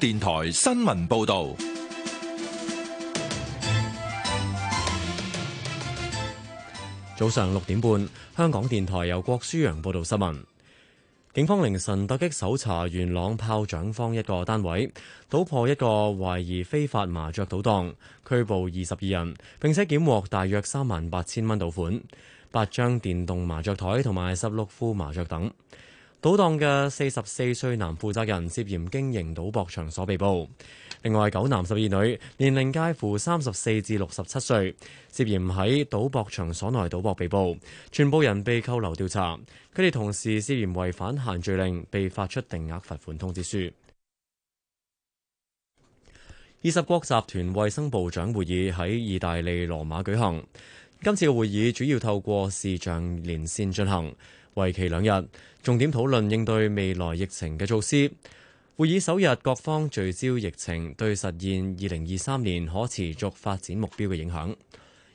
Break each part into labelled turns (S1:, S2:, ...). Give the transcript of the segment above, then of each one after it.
S1: 電台新聞
S2: 報道：早上六點半，香港電台由郭舒揚報道新聞。警方凌晨突擊搜查元朗炮仗坊一個單位，搗破一個懷疑非法麻雀賭檔，拘捕二十二人，並且檢獲大約三萬八千蚊賭款、八張電動麻雀台同埋十六副麻雀等。賭檔嘅四十四歲男負責人涉嫌經營賭博場所被捕。另外，九男十二女，年齡介乎三十四至六十七歲，涉嫌喺賭博場所內賭博被捕，全部人被扣留調查。佢哋同時涉嫌違反限聚令，被發出定額罰款通知書。二十國集團衛生部長會議喺意大利羅馬舉行。今次嘅會議主要透過視像連綫進行。為期兩日，重點討論應對未來疫情嘅措施。會議首日，各方聚焦疫情對實現二零二三年可持續發展目標嘅影響。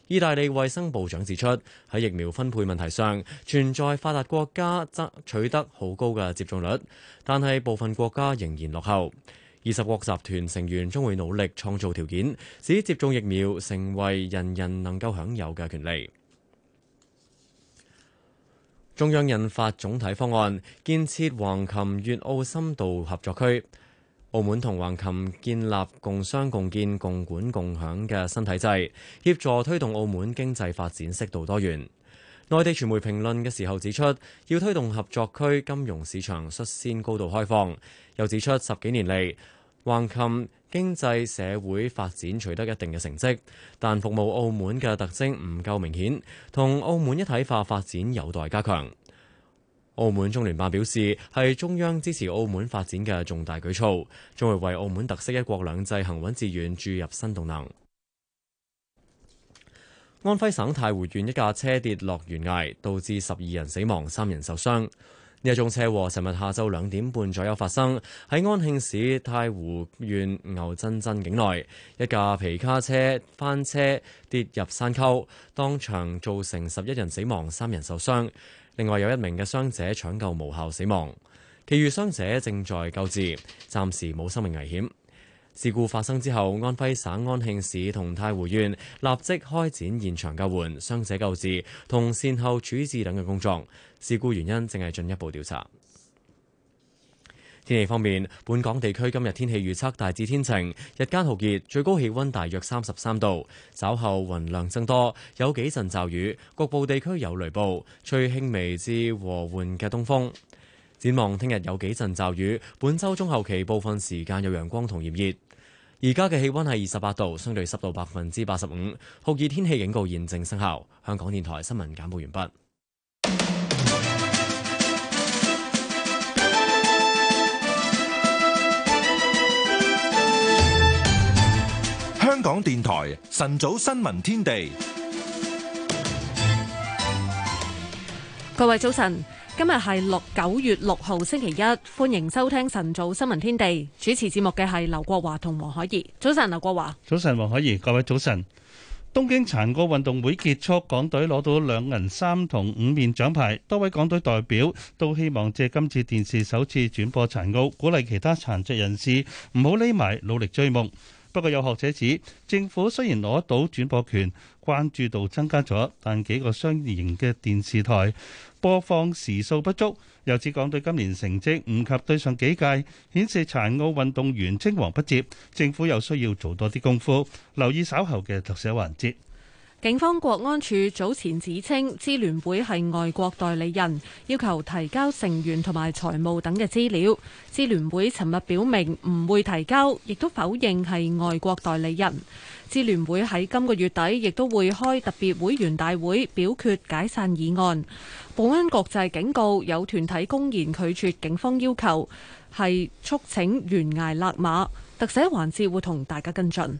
S2: 意大利衛生部長指出，喺疫苗分配問題上，存在發達國家則取得好高嘅接種率，但係部分國家仍然落後。二十國集團成員將會努力創造條件，使接種疫苗成為人人能夠享有嘅權利。中央印發總體方案，建設橫琴粵澳深度合作區，澳門同橫琴建立共商共建共管共享嘅新體制，協助推動澳門經濟發展適度多元。內地傳媒評論嘅時候指出，要推動合作區金融市場率先高度開放，又指出十幾年嚟，橫琴經濟社會發展取得一定嘅成績，但服務澳門嘅特徵唔夠明顯，同澳門一體化發展有待加強。澳門中聯辦表示，係中央支持澳門發展嘅重大舉措，將會為澳門特色一國兩制行穩致遠注入新動能。安徽省太湖縣一架車跌落懸崖，導致十二人死亡，三人受傷。呢一宗車禍，尋日下晝兩點半左右發生喺安慶市太湖縣牛真鎮境內，一架皮卡車翻車跌入山溝，當場造成十一人死亡、三人受傷，另外有一名嘅傷者搶救無效死亡，其餘傷者正在救治，暫時冇生命危險。事故發生之後，安徽省安慶市同太湖縣立即開展現場救援，傷者救治同善後處置等嘅工作。事故原因正係進一步調查。天氣方面，本港地區今日天氣預測大致天晴，日間酷熱，最高氣温大約三十三度。稍後雲量增多，有幾陣驟雨，局部地區有雷暴，吹輕微至和緩嘅東風。展望聽日有幾陣驟雨，本週中後期部分時間有陽光同炎熱。而家嘅氣溫係二十八度，相對濕度百分之八十五，酷熱天氣警告現正生效。香港電台新聞簡報完畢。
S1: 香港電台晨早新聞天地，
S3: 各位早晨。今日係六九月六號星期一，歡迎收聽晨早新聞天地。主持節目嘅係劉國華同黃海怡。早晨，劉國華。
S4: 早晨，黃海怡。各位早晨。東京殘奧運動會結束，港隊攞到兩銀三銅五面獎牌。多位港隊代表都希望借今次電視首次轉播殘奧，鼓勵其他殘疾人士唔好匿埋，努力追夢。不過有學者指，政府雖然攞到轉播權，關注度增加咗，但幾個商營嘅電視台播放時數不足。又指港隊今年成績唔及對上幾屆，顯示殘奧運動員青黃不接，政府又需要做多啲功夫，留意稍後嘅特寫環節。
S3: 警方國安處早前指稱支聯會係外國代理人，要求提交成員同埋財務等嘅資料。支聯會尋日表明唔會提交，亦都否認係外國代理人。支聯會喺今個月底亦都會開特別會員大會表決解散議案。保安局就警告有團體公然拒絕警方要求，係促請懸崖勒馬。特寫環節會同大家跟進。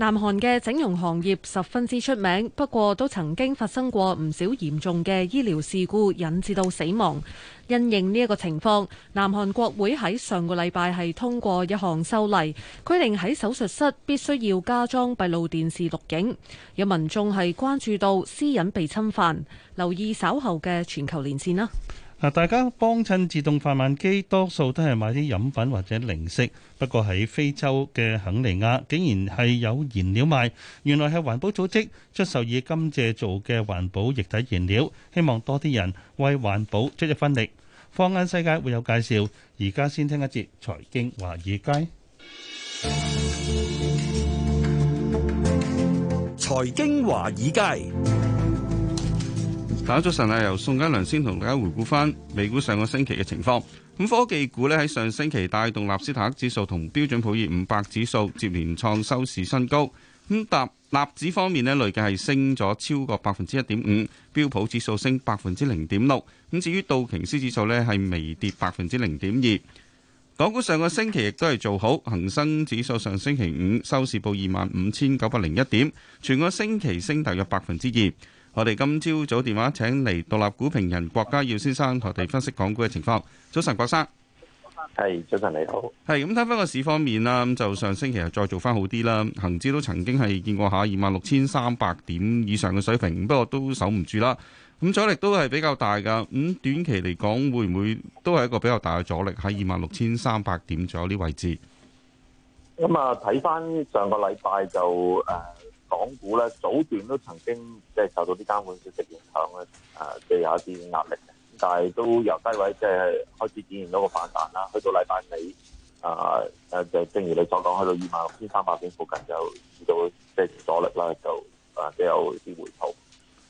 S3: 南韓嘅整容行業十分之出名，不過都曾經發生過唔少嚴重嘅醫療事故，引致到死亡。因應呢一個情況，南韓國會喺上個禮拜係通過一項修例，規定喺手術室必須要加裝閉路電視錄影。有民眾係關注到私隱被侵犯，留意稍後嘅全球連線啦。
S4: 嗱，大家幫襯自動販賣機，多數都係買啲飲品或者零食。不過喺非洲嘅肯尼亞，竟然係有燃料賣，原來係環保組織出售以甘蔗做嘅環保液體燃料，希望多啲人為環保出一分力。放眼世界會有介紹，而家先聽一節財經華爾街。財經華爾街。
S5: 財經
S4: 華爾街。
S6: 早晨啊！由宋家良先同大家回顧翻美股上個星期嘅情況。咁科技股呢，喺上星期帶動納斯達克指數同標準普爾五百指數接連創收市新高。咁納指方面呢，累計係升咗超過百分之一點五；標普指數升百分之零點六。咁至於道瓊斯指數呢，係微跌百分之零點二。港股上個星期亦都係做好，恒生指數上星期五收市報二萬五千九百零一點，全個星期升大約百分之二。我哋今朝早，早電話請嚟獨立股評人郭家耀先生，同我哋分析港股嘅情況。早晨，郭生，係早晨，你好。係咁睇翻個市方面啦，咁就上星期日再做翻好啲啦。恒指都曾經係見過下二萬六千三百點以上嘅水平，不過都守唔住啦。咁阻力都係比較大㗎。咁、嗯、短期嚟講，會唔會都係一個比較大嘅阻力喺二萬六千三百點左右啲位置？
S7: 咁啊、嗯，睇翻上個禮拜就誒。港股咧早段都曾經即係受到啲監管消息影響咧，啊、呃，都有啲壓力，但係都由低位即係開始展現個反彈啦。去到禮拜尾啊，誒、呃，就正如你所講，去到二萬六千三百點附近就遇到即係阻力啦，就啊，即係有啲回吐。咁、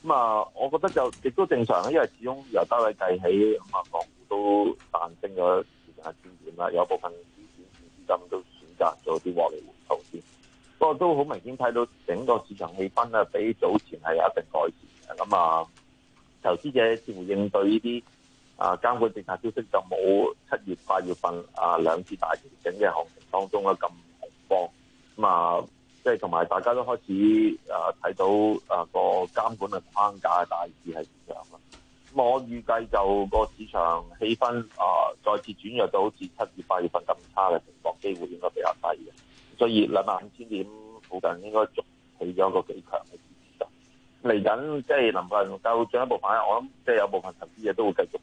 S7: 嗯、啊、呃，我覺得就亦都正常啦，因為始終由低位計起，咁、嗯、啊，港股都彈升咗成一千點啦，有部分資金都選擇咗啲獲利回吐先。不過都好明顯睇到整個市場氣氛啊，比早前係有一定改善嘅。咁啊，投資者似乎應對呢啲啊監管政策消息，就冇七月八月份啊兩次大調整嘅行情當中啊咁恐慌咁啊，即係同埋大家都開始啊睇到啊個監管嘅框架大致係點樣啦。咁我預計就個市場氣氛啊再次轉弱到好似七月八月份咁差嘅情況，機會應該比較低嘅。所以兩萬五千點附近應該仲起咗個幾強嘅支持，嚟緊即係能夠夠進一步反應，我諗即係有部分投資者都會繼續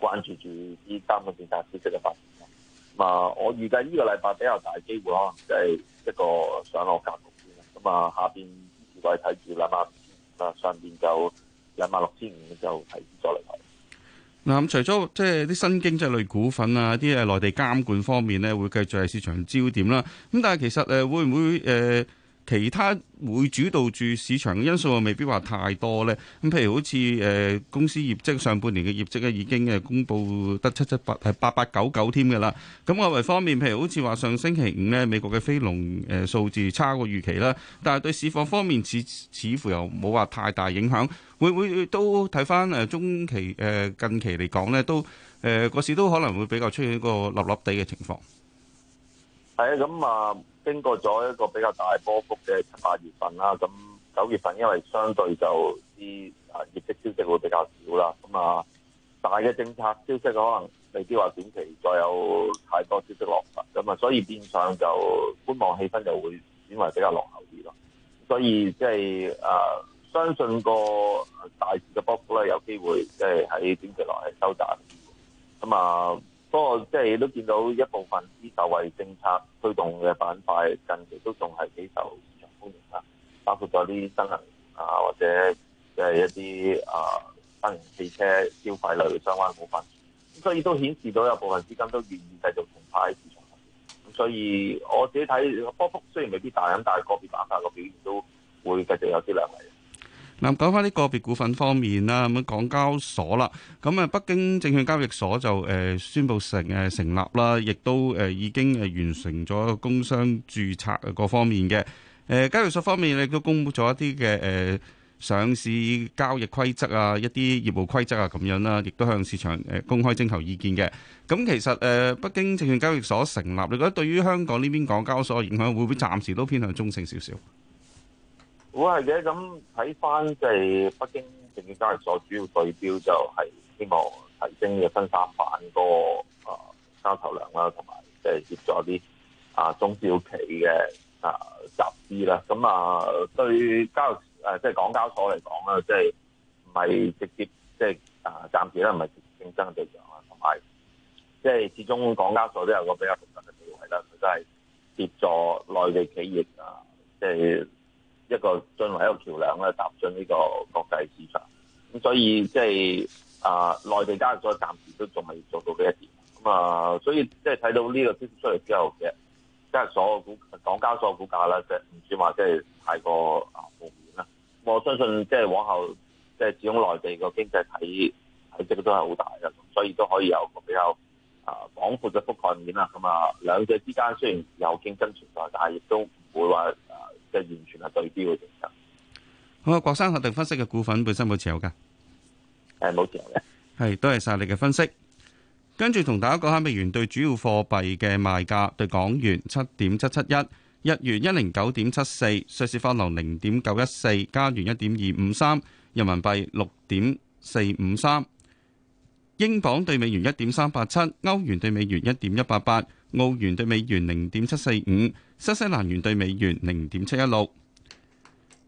S7: 關注住呢三個政策消息嘅發展。咁啊，我預計呢個禮拜比較大機會可能就係一個上落格局，咁啊下邊留意睇住兩萬五千，啊上邊就兩萬六千五就提示再嚟
S6: 嗱咁除咗即係啲新經濟類股份啊，啲誒內地監管方面咧，會繼續係市場焦點啦。咁但係其實誒會唔會誒，其他會主導住市場嘅因素，又未必話太多咧。咁譬如好似誒、呃、公司業績上半年嘅業績咧，已經誒公布得七七八係八八九九添嘅啦。咁外圍方面，譬如好似話上星期五呢美國嘅非農誒數字差過預期啦。但係對市況方面，似似乎又冇話太大影響。會唔會都睇返誒中期誒、呃、近期嚟講呢？都誒個、呃、市都可能會比較出現一個立立地嘅情況。
S7: 係啊，咁啊。經過咗一個比較大波幅嘅八月份啦，咁九月份因為相對就啲啊業績消息會比較少啦，咁啊大嘅政策消息可能未必話短期再有太多消息落嘅，咁啊所以變相就觀望氣氛就會轉為比較落後啲咯，所以即係啊相信個大市嘅波幅咧有機會即係喺短期內係收窄，咁啊。不過即係都見到一部分啲受惠政策推動嘅板塊，近期都仲係幾受市場歡迎嘅，包括咗啲新能源啊，或者嘅一啲啊新能源汽車消費類相關股份，咁所以都顯示到有部分資金都願意繼續重踏喺市場。咁所以我自己睇波幅雖然未必大咁，但係個別板塊嘅表現都會繼續有啲亮麗。
S6: 嗱，講翻啲個別股份方面啦，咁啊，港交所啦，咁啊，北京證券交易所就誒宣布成誒成立啦，亦都誒已經誒完成咗工商注冊各方面嘅。誒，交易所方面亦都公布咗一啲嘅誒上市交易規則啊，一啲業務規則啊咁樣啦，亦都向市場誒公開徵求意見嘅。咁其實誒，北京證券交易所成立，你覺得對於香港呢邊港交所嘅影響會唔會暫時都偏向中性少少？
S7: 會係嘅，咁睇翻，即係北京證券交易所主要對標就係希望提升嘅新三板個啊交投量啦，同埋即係協助啲啊中小企嘅啊集資啦。咁啊，對交誒即係港交所嚟講咧，即係唔係直接即係、就是、啊暫時咧，唔係競爭嘅對象啦。同埋即係始終港交所都有個比較獨特嘅地位啦，佢都係協助內地企業啊，即係。一個作為一個橋樑咧，踏進呢個國際市場，咁所以即係啊，內、就是呃、地加入咗暫時都仲未做到呢一點，咁、呃、啊，所以即係睇到呢個消息出嚟之後嘅，即、就、係、是、所有股港交所股價咧，即係唔算話即係太過啊負面啦。我相信即係、就是、往後，即係始終內地個經濟體體積都係好大嘅，所以都可以有個比較啊廣、呃、闊嘅覆蓋面啦。咁、嗯、啊，兩者之間雖然有競爭存在，但係亦都唔會話。就
S6: 完全係對標好啊，郭生，我哋分析嘅股份本身冇持有噶，誒冇持有嘅。係，多謝晒你嘅分析。跟住同大家講下美元對主要貨幣嘅賣價：對港元七點七七一，日元一零九點七四，瑞士法郎零點九一四，加元一點二五三，人民幣六點四五三，英鎊對美元一點三八七，歐元對美元一點一八八。澳元對美元零點七四五，新西蘭元對美元零點七一六。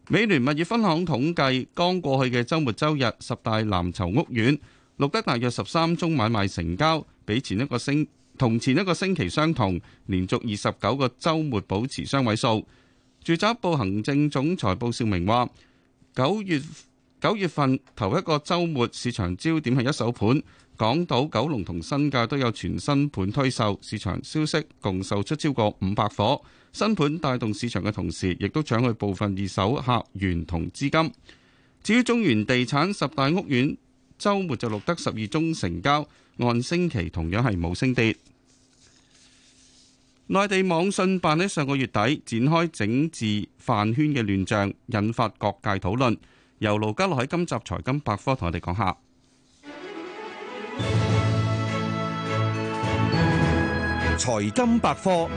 S6: 美聯物業分行統計，剛過去嘅週末週日，十大藍籌屋苑錄得大約十三宗買賣成交，比前一個星同前一個星期相同，連續二十九個週末保持雙位數。住宅部行政總裁布少明話：九月九月份頭一個週末，市場焦點係一手盤。港島、九龍同新界都有全新盤推售，市場消息共售出超過五百夥，新盤帶動市場嘅同時，亦都搶去部分二手客源同資金。至於中原地產十大屋苑，週末就錄得十二宗成交，按星期同樣係冇升跌。內地網信辦喺上個月底展開整治飯圈嘅亂象，引發各界討論。由盧家樂喺今集財金百科同我哋講下。
S8: 財金百科，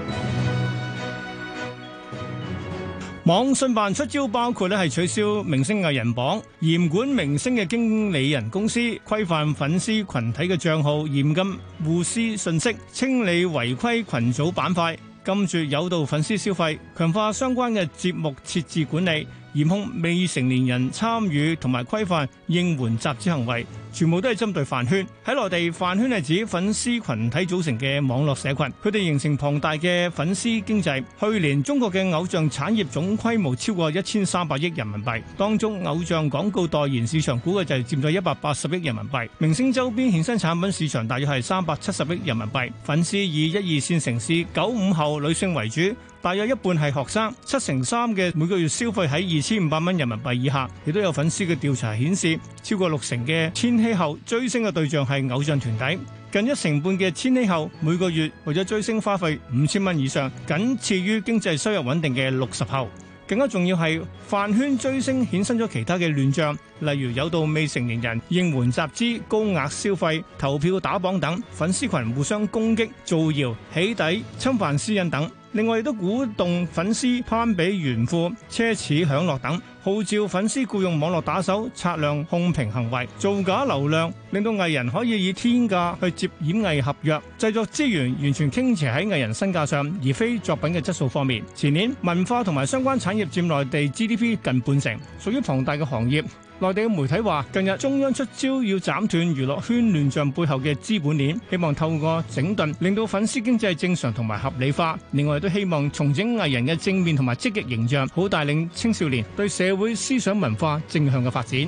S8: 網信辦出招包括咧係取消明星藝人榜，嚴管明星嘅經理人公司，規範粉絲群體嘅賬號，嚴禁互撕信息，清理違規群組板塊，禁住誘導粉絲消費，強化相關嘅節目設置管理，嚴控未成年人參與同埋規範應援集資行為。全部都係針對飯圈。喺內地，飯圈係指粉絲群體組成嘅網絡社群，佢哋形成龐大嘅粉絲經濟。去年中國嘅偶像產業總規模超過一千三百億人民幣，當中偶像廣告代言市場估計就係佔咗一百八十億人民幣，明星周邊衍生產品市場大約係三百七十億人民幣。粉絲以一二線城市九五後女性為主。大約一半係學生，七成三嘅每個月消費喺二千五百蚊人民幣以下。亦都有粉絲嘅調查顯示，超過六成嘅千禧後追星嘅對象係偶像團體，近一成半嘅千禧後每個月為咗追星花費五千蚊以上，僅次於經濟收入穩定嘅六十後。更加重要係飯圈追星衍生咗其他嘅亂象，例如有到未成年人應援集資、高額消費、投票打榜等，粉絲群互相攻擊、造謠、起底、侵犯私隱等。另外亦都鼓動粉絲攀比炫富、奢侈享樂等，號召粉絲僱用網絡打手刷量、控評行為、造假流量，令到藝人可以以天價去接演藝合約，製作資源完全傾斜喺藝人身價上，而非作品嘅質素方面。前年文化同埋相關產業佔內地 GDP 近半成，屬於龐大嘅行業。內地嘅媒體話，近日中央出招要斬斷娛樂圈亂象背後嘅資本鏈，希望透過整頓令到粉絲經濟正常同埋合理化。另外，都希望重整藝人嘅正面同埋積極形象，好帶領青少年對社會思想文化正向嘅發展。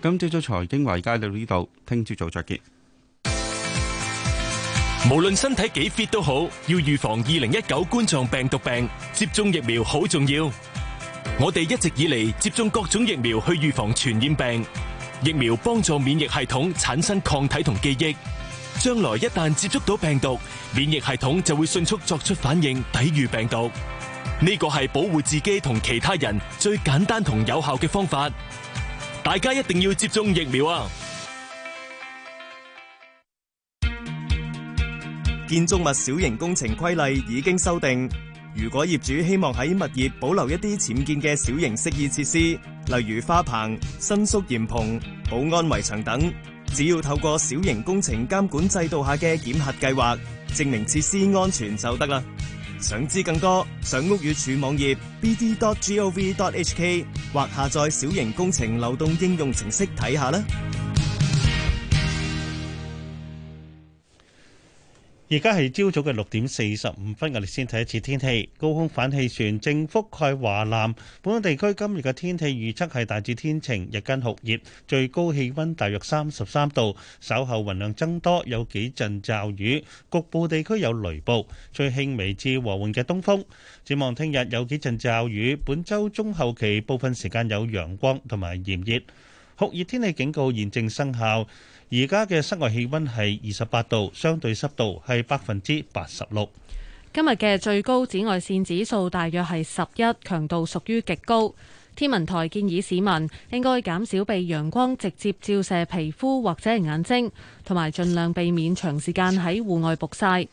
S6: 今朝早財經圍街到呢度，聽朝早再見。
S9: 無論身體幾 fit 都好，要預防二零一九冠狀病毒病，接種疫苗好重要。我哋一直以嚟，接種各種疫苗去預防傳染病，疫苗幫助免疫系統產生抗體同記憶。
S8: 將來一旦接觸到病毒，免疫系統就會迅速作出反應，抵御病毒。呢個係保護自己同其他人最簡單同有效嘅方法。大家一定要接種疫苗啊！建築物小型工程規例已經修訂。如果業主希望喺物業保留一啲僭建嘅小型適意設施，例如花棚、伸縮簷篷、保安圍牆等，只要透過小型工程監管制度下嘅檢核計劃，證明設施安全就得啦。想知更多，上屋宇署網頁 bd.gov.hk 或下載小型工程流動應用程式睇下啦。
S4: 而家係朝早嘅六點四十五分，我哋先睇一次天氣。高空反氣旋正覆蓋華南，本地區今日嘅天氣預測係大致天晴，日間酷熱，最高氣溫大約三十三度。稍後雲量增多，有幾陣驟雨，局部地區有雷暴。最輕微至和緩嘅東風。展望聽日有幾陣驟雨，本周中後期部分時間有陽光同埋炎熱。酷熱天氣警告現正生效。而家嘅室外氣溫係二十八度，相對濕度係百分之八十六。
S3: 今日嘅最高紫外線指數大約係十一，強度屬於極高。天文台建議市民應該減少被陽光直接照射皮膚或者眼睛，同埋盡量避免長時間喺戶外曝曬。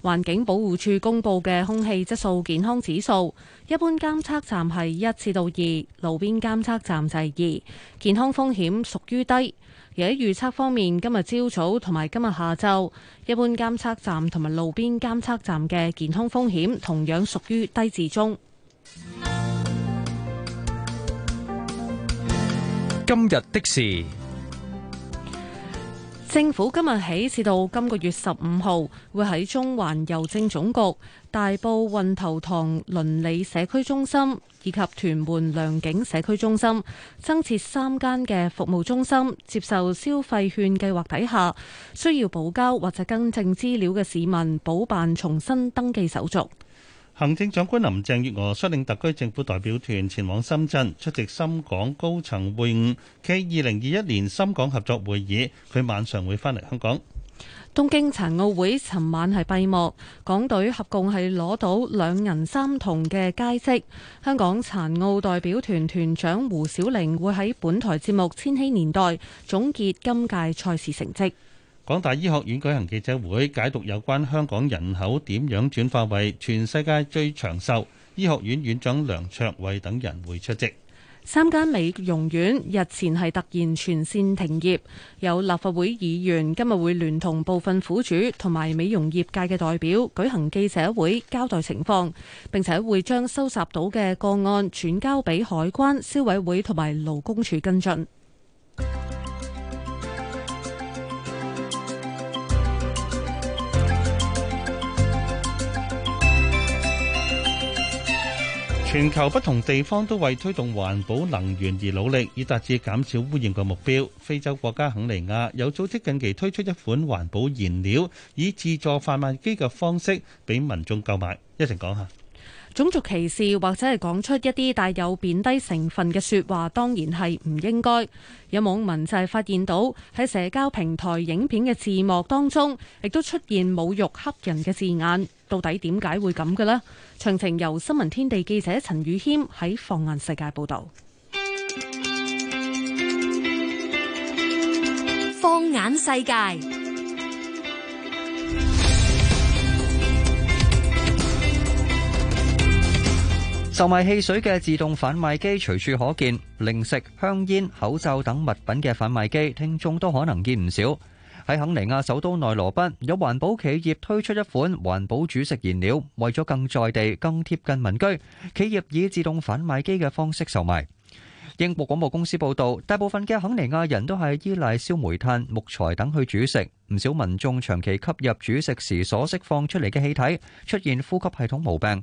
S3: 環境保護署公佈嘅空氣質素健康指數，一般監測站係一至到二，路邊監測站就係二，健康風險屬於低。而喺預測方面，今日朝早同埋今日下晝，一般監測站同埋路邊監測站嘅健康風險同樣屬於低至中。
S10: 今日的事。
S3: 政府今日起至到今個月十五號，會喺中環郵政總局、大埔運頭塘鄰里社區中心以及屯門良景社區中心增設三間嘅服務中心，接受消費券計劃底下需要補交或者更正資料嘅市民，補辦重新登記手續。行
S4: 政長官林鄭月娥率領特區政府代表團前往深圳出席深港高層會晤，暨二零二一年深港合作會議。佢晚上會返嚟香港。
S3: 東京殘奧會尋晚係閉幕，港隊合共係攞到兩銀三銅嘅佳績。香港殘奧代表團團長胡小玲會喺本台節目《千禧年代》總結今屆賽事成績。
S4: 港大醫學院舉行記者會，解讀有關香港人口點樣轉化為全世界最長壽。醫學院院長梁卓偉等人會出席。
S3: 三間美容院日前係突然全線停業，有立法會議員今日會聯同部分苦主同埋美容業界嘅代表舉行記者會，交代情況，並且會將收集到嘅個案轉交俾海關、消委會同埋勞工處跟進。
S4: 全球不同地方都為推動環保能源而努力，以達至減少污染嘅目標。非洲國家肯尼亞有組織近期推出一款環保燃料，以自助販賣機嘅方式俾民眾購買。一齊講下。
S3: 種族歧視或者係講出一啲帶有貶低成分嘅說話，當然係唔應該。有網民就係發現到喺社交平台影片嘅字幕當中，亦都出現侮辱黑人嘅字眼。到底點解會咁嘅呢？詳情由新聞天地記者陳宇謙喺放眼世界報道。
S11: 放眼世界。報
S10: 售賣汽水嘅自動販賣機隨處可見，零食、香煙、口罩等物品嘅販賣機聽眾都可能見唔少。喺肯尼亞首都內羅畢，有環保企業推出一款環保煮食燃料，為咗更在地、更貼近民居，企業以自動販賣機嘅方式售賣。英國廣播公司報導，大部分嘅肯尼亞人都係依賴燒煤炭、木材等去煮食，唔少民眾長期吸入煮食時所釋放出嚟嘅氣體，出現呼吸系統毛病。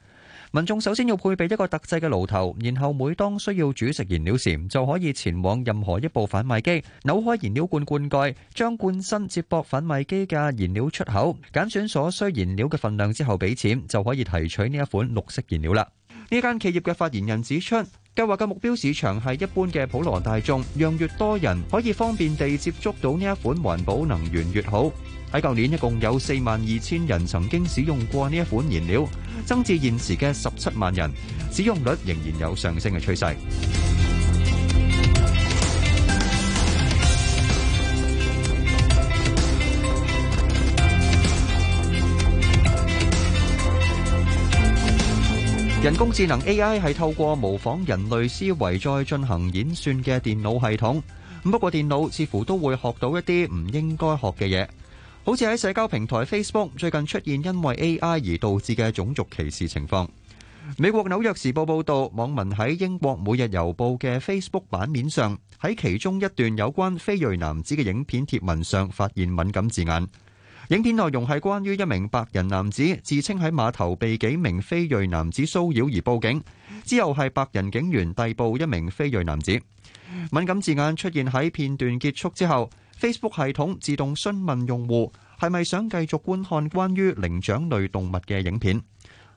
S10: 民眾首先要配備一個特製嘅爐頭，然後每當需要煮食燃料時，就可以前往任何一部販賣機，扭開燃料罐罐蓋，將罐身接駁販賣機嘅燃料出口，揀選所需燃料嘅份量之後俾錢，就可以提取呢一款綠色燃料啦。呢間企業嘅發言人指出，計劃嘅目標市場係一般嘅普羅大眾，讓越多人可以方便地接觸到呢一款環保能源越好。喺舊年一共有四萬二千人曾經使用過呢一款燃料，增至現時嘅十七萬人，使用率仍然有上升嘅趨勢。人工智能 AI 係透過模仿人類思維再進行演算嘅電腦系統。咁不過電腦似乎都會學到一啲唔應該學嘅嘢。好似喺社交平台 Facebook 最近出現，因為 AI 而導致嘅種族歧視情況。美國紐約時報報道，網民喺英國每日郵報嘅 Facebook 版面上，喺其中一段有關非裔男子嘅影片貼文上發現敏感字眼。影片內容係關於一名白人男子自稱喺碼頭被幾名非裔男子騷擾而報警，之後係白人警員逮捕一名非裔男子。敏感字眼出現喺片段結束之後。Facebook 系統自動詢問用戶係咪想繼續觀看關於靈長類動物嘅影片。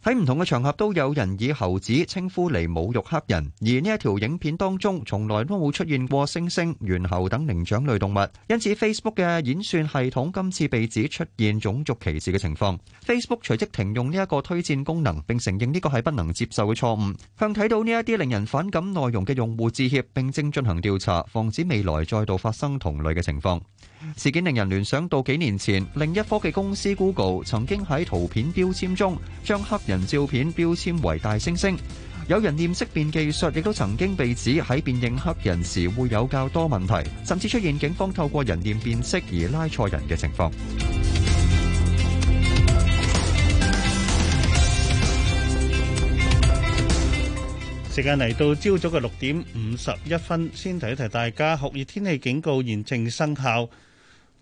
S10: 喺唔同嘅場合都有人以猴子稱呼嚟侮辱黑人，而呢一條影片當中從來都冇出現過猩猩、猿猴等靈長類動物，因此 Facebook 嘅演算系統今次被指出現種族歧視嘅情況。Facebook 隨即停用呢一個推薦功能，並承認呢個係不能接受嘅錯誤，向睇到呢一啲令人反感內容嘅用戶致歉，並正進行調查，防止未來再度發生同類嘅情況。事件令人聯想到幾年前，另一科技公司 Google 曾經喺圖片標籤中將黑人照片標籤為大猩猩。有人臉識別技術亦都曾經被指喺辨認黑人時會有較多問題，甚至出現警方透過人臉辨識而拉錯人嘅情況。時間嚟
S4: 到朝早嘅六點五十一分，先提一提大家酷熱天氣警告現正生效。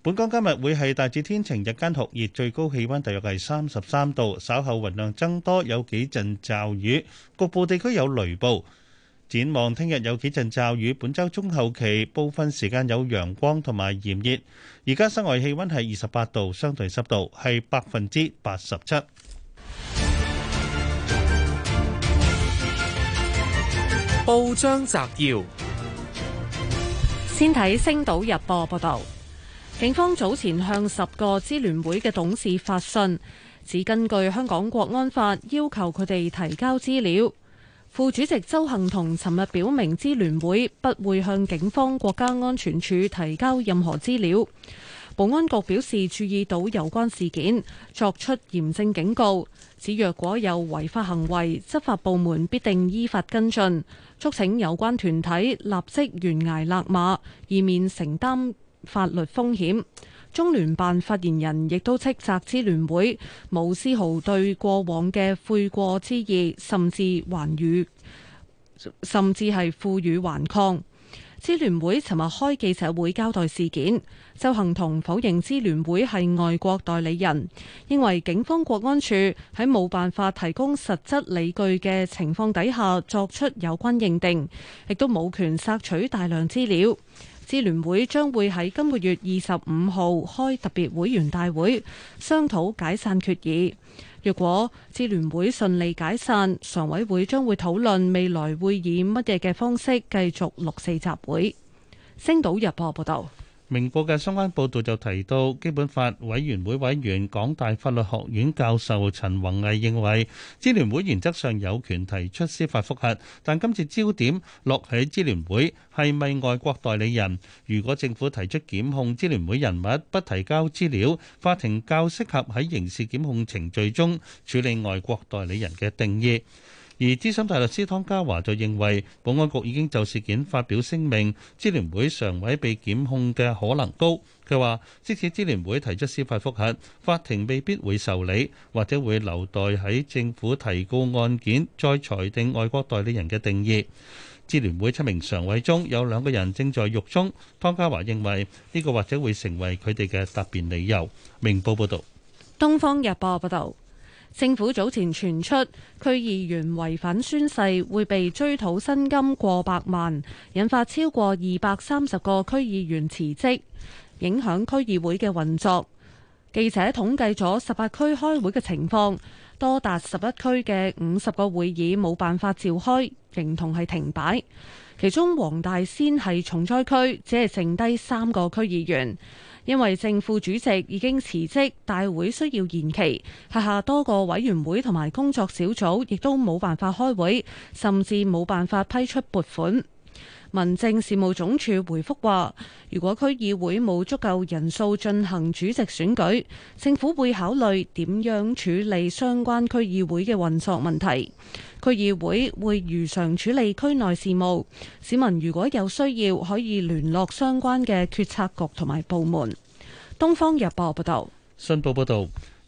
S4: 本港今日會係大致天晴，日間酷熱，最高氣温大約係三十三度。稍後雲量增多，有幾陣驟雨，局部地區有雷暴。展望聽日有幾陣驟雨。本周中後期部分時間有陽光同埋炎熱。而家室外氣温係二十八度，相對濕度係百分之八十七。
S12: 報章摘要，
S3: 先睇《星島日報》報道。警方早前向十個支聯會嘅董事發信，指根據香港國安法要求佢哋提交資料。副主席周幸彤尋日表明，支聯會不會向警方國家安全處提交任何資料。保安局表示注意到有關事件，作出嚴正警告，指若果有違法行為，執法部門必定依法跟進，促請有關團體立即懸崖勒馬，以免承擔法律風險，中聯辦發言人亦都斥責支聯會無絲毫對過往嘅悔過之意，甚至還予甚至係負隅頑抗。支聯會尋日開記者會交代事件，鄒幸彤否認支聯會係外國代理人，認為警方國安處喺冇辦法提供實質理據嘅情況底下作出有關認定，亦都冇權索取大量資料。支聯會將會喺今個月二十五號開特別會員大會，商討解散決議。若果支聯會順利解散，常委會將會討論未來會以乜嘢嘅方式繼續六四集會。星島日報報道。
S4: 明報嘅相關報導就提到，基本法委員會委員、港大法律學院教授陳宏毅認為，支聯會原則上有權提出司法覆核，但今次焦點落喺支聯會係咪外國代理人。如果政府提出檢控支聯會人物，不提交資料，法庭較適合喺刑事檢控程序中處理外國代理人嘅定義。而資深大律師湯家驊就認為，保安局已經就事件發表聲明，支聯會常委被檢控嘅可能高。佢話：即使支聯會提出司法覆核，法庭未必會受理，或者會留待喺政府提告案件再裁定外國代理人嘅定義。支聯會七名常委中有兩個人正在獄中。湯家驊認為呢個或者會成為佢哋嘅答辯理由。明報報道。
S3: 東方日報報道。政府早前傳出區議員違反宣誓會被追討薪金過百萬，引發超過二百三十個區議員辭職，影響區議會嘅運作。記者統計咗十八區開會嘅情況，多達十一區嘅五十個會議冇辦法召開，形同係停擺。其中黃大仙係重災區，只係剩低三個區議員。因為政府主席已經辭職，大會需要延期，下下多個委員會同埋工作小組亦都冇辦法開會，甚至冇辦法批出撥款。民政事務總署回覆話，如果區議會冇足夠人數進行主席選舉，政府會考慮點樣處理相關區議會嘅運作問題。區議會會如常處理區內事務，市民如果有需要，可以聯絡相關嘅決策局同埋部門。東方日報報道，
S4: 新報報道。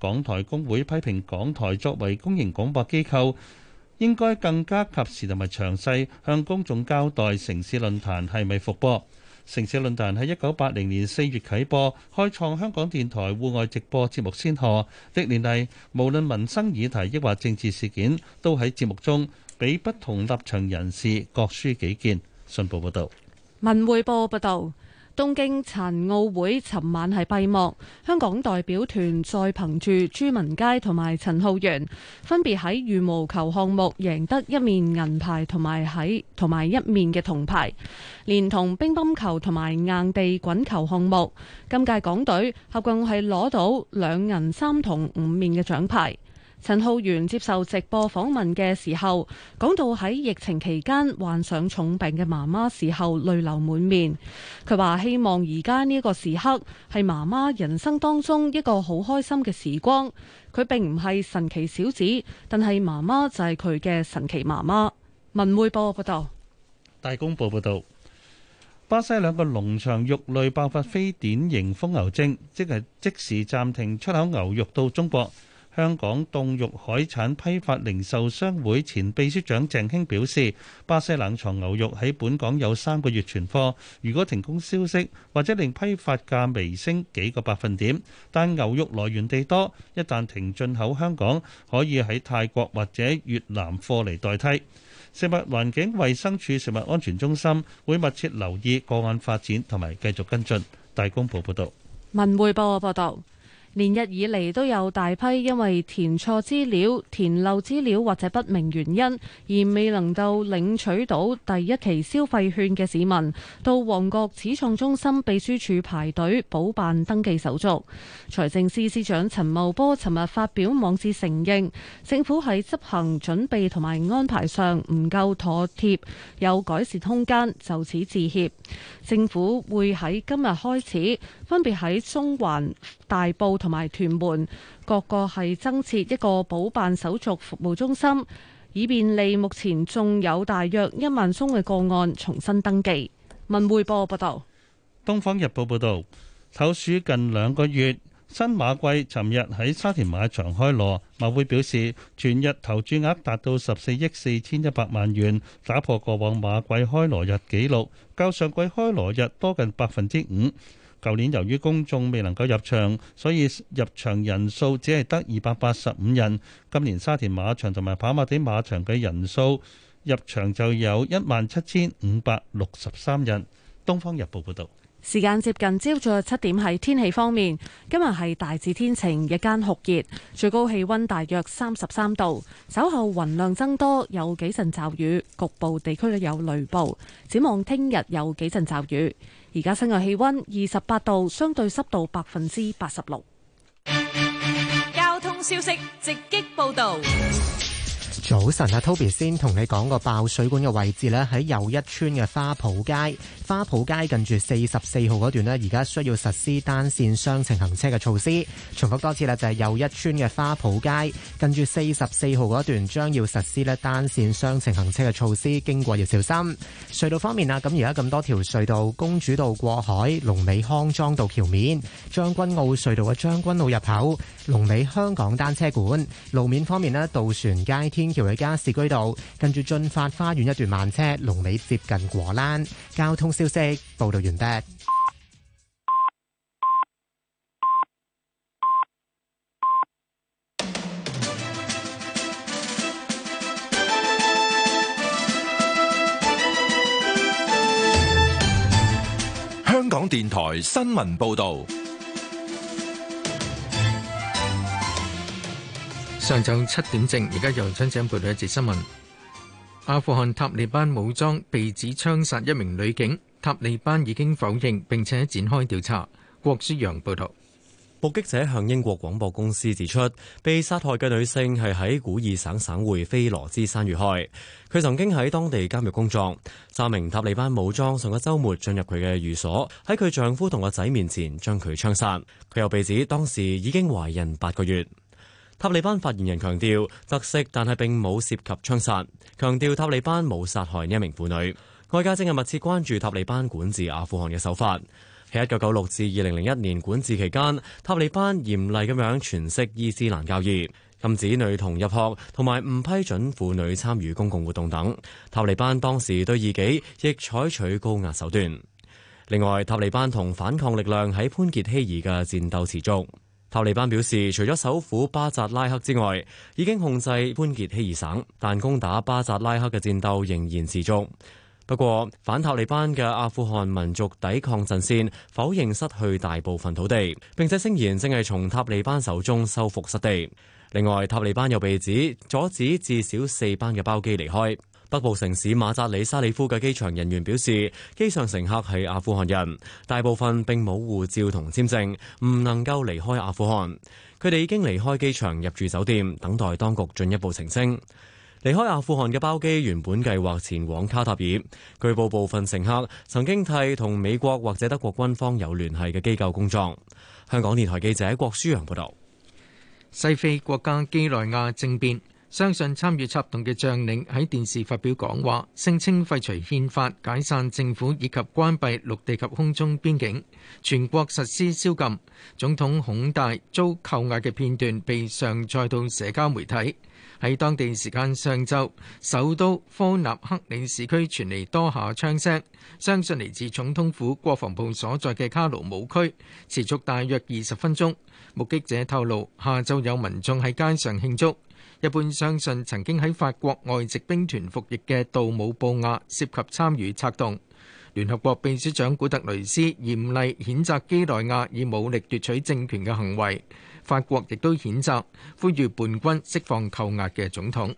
S4: 港台工會批評港台作為公營廣播機構，應該更加及時同埋詳細向公眾交代城市論壇係咪復播。城市論壇喺一九八零年四月啟播，開創香港電台戶外直播節目先河。歷年嚟，無論民生議題抑或政治事件，都喺節目中俾不同立場人士各抒己見。信報報道，
S3: 文匯報報道。東京殘奧會尋晚係閉幕，香港代表團再憑住朱文佳同埋陳浩源，分別喺羽毛球項目贏得一面銀牌同埋喺同埋一面嘅銅牌，連同乒乓球同埋硬地滾球項目，今屆港隊合共係攞到兩銀三銅五面嘅獎牌。陳浩源接受直播訪問嘅時候，講到喺疫情期間患上重病嘅媽媽時候淚滿，淚流滿面。佢話希望而家呢一個時刻係媽媽人生當中一個好開心嘅時光。佢並唔係神奇小子，但係媽媽就係佢嘅神奇媽媽。文匯報報道，
S4: 大公報報道，巴西兩個農場肉類爆發非典型瘋牛症，即係即時暫停出口牛肉到中國。香港凍肉海產批發零售商會前秘書長鄭興表示，巴西冷藏牛肉喺本港有三個月存貨，如果停工消息或者令批發價微升幾個百分點，但牛肉來源地多，一旦停進口香港，可以喺泰國或者越南貨嚟代替。食物環境衛生署食物安全中心會密切留意個案發展同埋繼續跟進。大公報報道，
S3: 文匯報報道。連日以嚟都有大批因為填錯資料、填漏資料或者不明原因而未能夠領取到第一期消費券嘅市民，到旺角始創中心秘書處排隊補辦登記手續。財政司司長陳茂波尋日發表網誌承認，政府喺執行準備同埋安排上唔夠妥貼，有改善空間，就此致歉。政府會喺今日開始，分別喺中環、大埔同埋屯門各個係增設一個補辦手續服務中心，以便利目前仲有大約一萬宗嘅個案重新登記。文匯報報道。
S4: 《東方日報》報道，抖暑近兩個月新馬季，尋日喺沙田馬場開鑼。馬會表示，全日投注額達到十四億四千一百萬元，打破過往馬季開鑼日紀錄，較上季開鑼日多近百分之五。舊年由於公眾未能夠入場，所以入場人數只係得二百八十五人。今年沙田馬場同埋跑馬地馬場嘅人數入場就有一萬七千五百六十三人。《東方日報》報道。
S3: 時間接近朝早七點，喺天氣方面，今日係大致天晴，日間酷熱，最高氣溫大約三十三度。稍後雲量增多，有幾陣驟雨，局部地區有雷暴。展望聽日有幾陣驟雨。而家室外氣溫二十八度，相對濕度百分之八十六。
S11: 交通消息直擊報道。
S12: 早晨啊，Toby 先同你講個爆水管嘅位置咧，喺又一村嘅花圃街，花圃街近住四十四號嗰段咧，而家需要實施單線雙程行車嘅措施。重複多次啦，就係又一村嘅花圃街近住四十四號嗰段，將要實施咧單線雙程行車嘅措施，經過要小心。隧道方面啊，咁而家咁多條隧道，公主道過海、龍尾康莊道橋面、將軍澳隧道嘅將軍澳入口、龍尾香港單車館。路面方面咧，渡船街天。條喺加士居道，跟住駿發花園一段慢車，龍尾接近果欄。交通消息報道完畢。
S1: 香港電台新聞報道。
S13: 上晝七點正，而家由張景報道一節新聞。阿富汗塔利班武裝被指槍殺一名女警，塔利班已經否認，並且展開調查。郭書陽報道，目擊者向英國廣播公司指出，被殺害嘅女性
S2: 係喺古爾省省會菲羅茲山遇害。佢曾經喺當地監獄工作。三名塔利班武裝上個周末進入佢嘅寓所，喺佢丈夫同個仔面前將佢槍殺。佢又被指當時已經懷孕八個月。塔利班發言人強調特色，但係並冇涉及槍殺。強調塔利班冇殺害一名婦女。外界正係密切關注塔利班管治阿富汗嘅手法。喺一九九六至二零零一年管治期間，塔利班嚴厲咁樣詮釋伊斯蘭教義，禁止女童入學，同埋唔批准婦女參與公共活動等。塔利班當時對異己亦採取高壓手段。另外，塔利班同反抗力量喺潘傑希爾嘅戰鬥持續。塔利班表示，除咗首府巴扎拉克之外，已經控制潘傑希爾省，但攻打巴扎拉克嘅戰鬥仍然持續。不過，反塔利班嘅阿富汗民族抵抗陣線否認失去大部分土地，並且聲言正係從塔利班手中收復失地。另外，塔利班又被指阻止至少四班嘅包機離開。北部城市馬扎里沙里夫嘅機場人員表示，機上乘客係阿富汗人，大部分並冇護照同簽證，唔能夠離開阿富汗。佢哋已經離開機場，入住酒店，等待當局進一步澄清。離開阿富汗嘅包機原本計劃前往卡塔爾，據報部分乘客曾經替同美國或者德國軍方有聯繫嘅機構工
S13: 作。香港電台記者郭舒陽報道。西非國家幾內亞政變。相信參與策動嘅將領喺電視發表講話，聲稱廢除憲法、解散政府以及關閉陸地及空中邊境，全國實施宵禁。總統孔戴遭扣押嘅片段被上載到社交媒體。喺當地時間上晝，首都科納克里市區傳嚟多下槍聲，相信嚟自總統府國防部所在嘅卡盧姆區，持續大約二十分鐘。目擊者透露，下晝有民眾喺街上慶祝。一般相信，曾經喺法國外籍兵團服役嘅杜姆布亞涉及參與策動。聯合國秘書長古特雷斯嚴厲譴責幾內亞以武力奪取政權嘅行為。法國亦都譴責，呼籲叛軍釋放扣押嘅總統。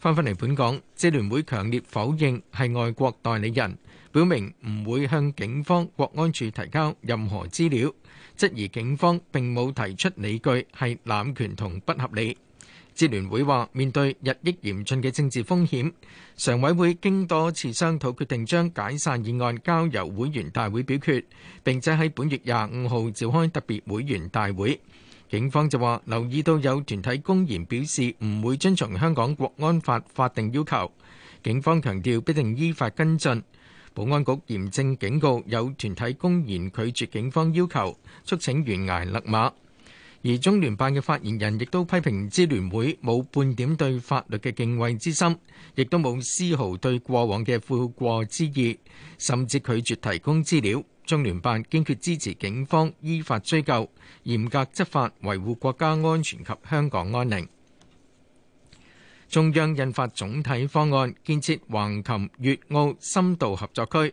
S13: 翻返嚟本港，支聯會強烈否認係外國代理人，表明唔會向警方、國安處提交任何資料，質疑警方並冇提出理據係濫權同不合理。支聯會話：面對日益嚴峻嘅政治風險，常委會經多次商討，決定將解散議案交由會員大會表決，並且喺本月廿五號召開特別會員大會。警方就話留意到有團體公然表示唔會遵從香港國安法法定要求，警方強調必定依法跟進。保安局嚴正警告有團體公然拒絕警方要求，促請懸崖勒馬。而中聯辦嘅發言人亦都批評支聯會冇半點對法律嘅敬畏之心，亦都冇絲毫對過往嘅悔過之意，甚至拒絕提供資料。中聯辦堅決支持警方依法追究，嚴格執法，維護國家安全及香港安寧。中央印發總體方案，建設橫琴粵澳深度合作區。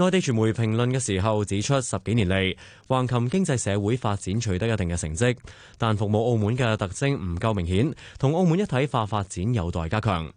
S2: 內地傳媒評論嘅時候指出，十幾年嚟橫琴經濟社會發展取得一定嘅成績，但服務澳門嘅特徵唔夠明顯，同澳門一體化發展有待加強。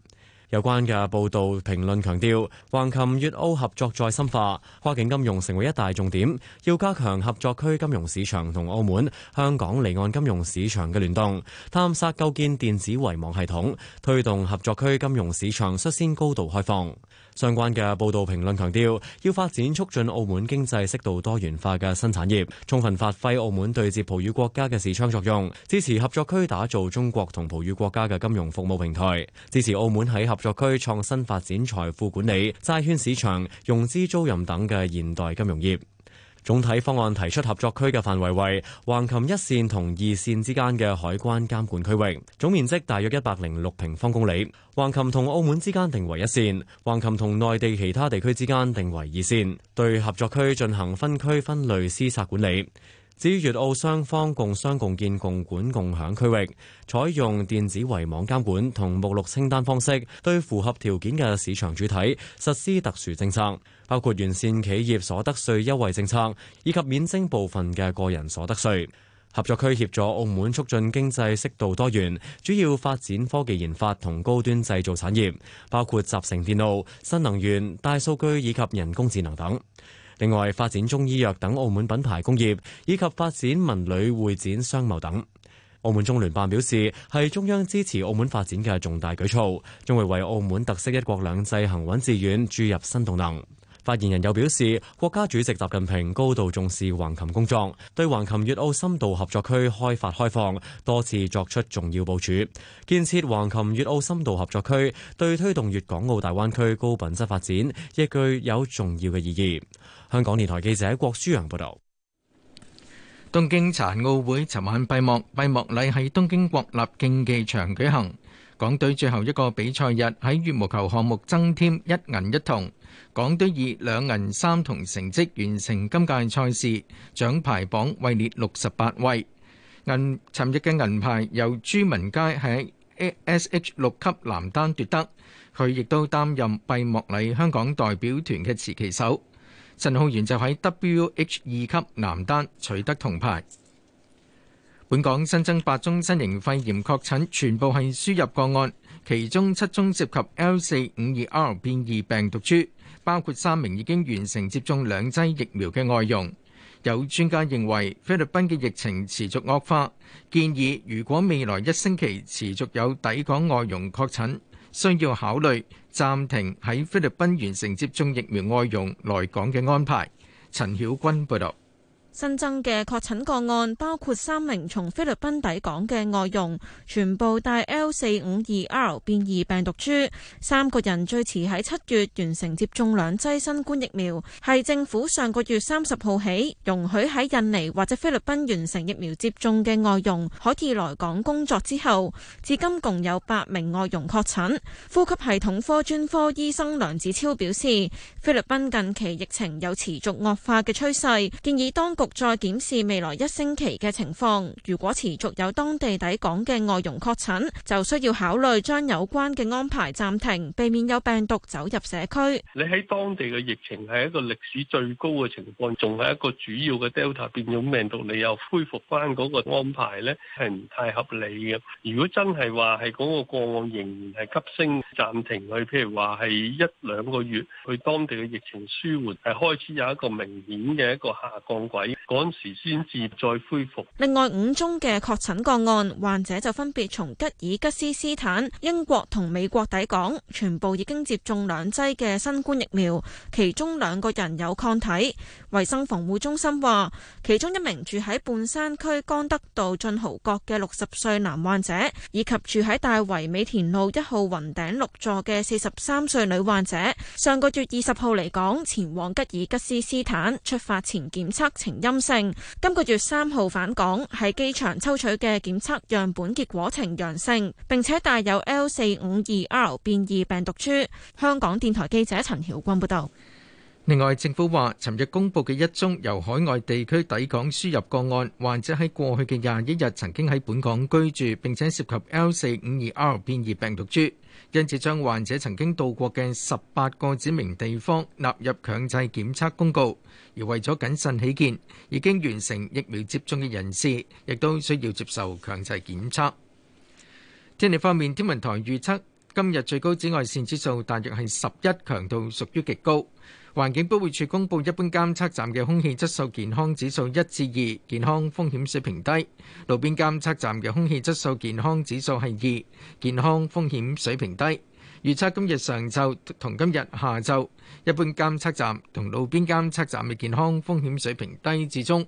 S2: 有關嘅報導評論強調，橫琴粵澳合作再深化，跨境金融成為一大重點，要加強合作區金融市場同澳門、香港離岸金融市場嘅聯動，探索構建電子圍網系統，推動合作區金融市場率先高度開放。相關嘅報道評論強調，要發展促進澳門經濟適度多元化嘅新產業，充分發揮澳門對接葡語國家嘅市場作用，支持合作區打造中國同葡語國家嘅金融服務平台，支持澳門喺合作區創新發展財富管理、債券市場、融資租賃等嘅現代金融業。總體方案提出合作區嘅範圍為橫琴一線同二線之間嘅海關監管區域，總面積大約一百零六平方公里。橫琴同澳門之間定為一線，橫琴同內地其他地區之間定為二線。對合作區進行分區分類施策管理。至於粵澳雙方共商共建共管共享區域，採用電子圍網監管同目錄清單方式，對符合條件嘅市場主體實施特殊政策。包括完善企業所得稅優惠政策，以及免徵部分嘅個人所得稅。合作區協助澳門促進經濟適度多元，主要發展科技研發同高端製造產業，包括集成電路、新能源、大數據以及人工智能等。另外，發展中醫藥等澳門品牌工業，以及發展文旅會展商貿等。澳門中聯辦表示，係中央支持澳門發展嘅重大舉措，將會為澳門特色一國兩制行穩致遠注入新動能。發言人又表示，國家主席習近平高度重視橫琴工作，對橫琴粵澳深度合作區開發開放多次作出重要部署。建設橫琴粵澳深度合作區，對推動粵港澳大灣區高品質發展，亦具有重要嘅意義。香港電台記者郭舒陽報道。
S13: 東京殘奧會尋晚閉幕，閉幕禮喺東京國立競技場舉行。港隊最後一個比賽日喺羽毛球項目增添一銀一銅，港隊以兩銀三銅成績完成今屆賽事，獎牌榜位列六十八位。銀，尋日嘅銀牌由朱文佳喺 SH 六級男單奪得，佢亦都擔任閉幕禮香港代表團嘅持旗手。陳浩源就喺 WH 二級男單取得銅牌。本港新增八宗新型肺炎確診，全部係輸入個案，其中七宗涉及 L 四五二 R 變異病毒株，包括三名已經完成接種兩劑疫苗嘅外傭。有專家認為菲律賓嘅疫情持續惡化，建議如果未來一星期持續有抵港外傭確診，需要考慮暫停喺菲律賓完成接種疫苗外傭來港嘅安排。陳曉君報道。
S14: 新增嘅確診個案包括三名從菲律賓抵港嘅外傭，全部帶 L 四五二 R 變異病毒株。三個人最遲喺七月完成接種兩劑新冠疫苗，係政府上個月三十號起容許喺印尼或者菲律賓完成疫苗接種嘅外傭可以來港工作之後，至今共有八名外傭確診。呼吸系統科專科醫生梁子超表示，菲律賓近期疫情有持續惡化嘅趨勢，建議當局，再檢視未來一星期嘅情況，如果持續有當地抵港嘅外傭確診，就需要考慮將有關嘅安排暫停，避免有病毒走入社區。
S9: 你喺當地嘅疫情係一個歷史最高嘅情況，仲係一個主要嘅 Delta 變種病毒，你又恢復翻嗰個安排呢，係唔太合理嘅。如果真係話係嗰個個案仍然係急升，暫停去譬如話係一兩個月，去當地嘅疫情舒緩，係開始有一個明顯嘅一個下降軌。嗰時先至再恢復。
S14: 另外五宗嘅確診個案，患者就分別從吉爾吉斯斯坦、英國同美國抵港，全部已經接種兩劑嘅新冠疫苗，其中兩個人有抗體。衞生防護中心話，其中一名住喺半山區江德道俊豪閣嘅六十歲男患者，以及住喺大圍美田路一號雲頂六座嘅四十三歲女患者，上個月二十號嚟港，前往吉爾吉斯斯坦，出發前檢測情。陰性，今個月三號返港喺機場抽取嘅檢測樣本結果呈陽性，並且帶有 L 四五二 R 變異病毒株。香港電台記者陳曉君報道。
S13: 另外，政府話，尋日公布嘅一宗由海外地區抵港輸入個案，患者喺過去嘅廿一日曾經喺本港居住，並且涉及 L 四五二 R 變異病毒株，因此將患者曾經到過嘅十八個指明地方納入強制檢測公告。而為咗謹慎起見，已經完成疫苗接種嘅人士亦都需要接受強制檢測。天氣方面，天文台預測。今日最高紫外線指數大約係十一，強度屬於極高。環境保護署公布一般監測站嘅空氣質素健康指數一至二，健康風險水平低。路邊監測站嘅空氣質素健康指數係二，健康風險水平低。預測今日上晝同今日下晝，一般監測站同路邊監測站嘅健康風險水平低至中。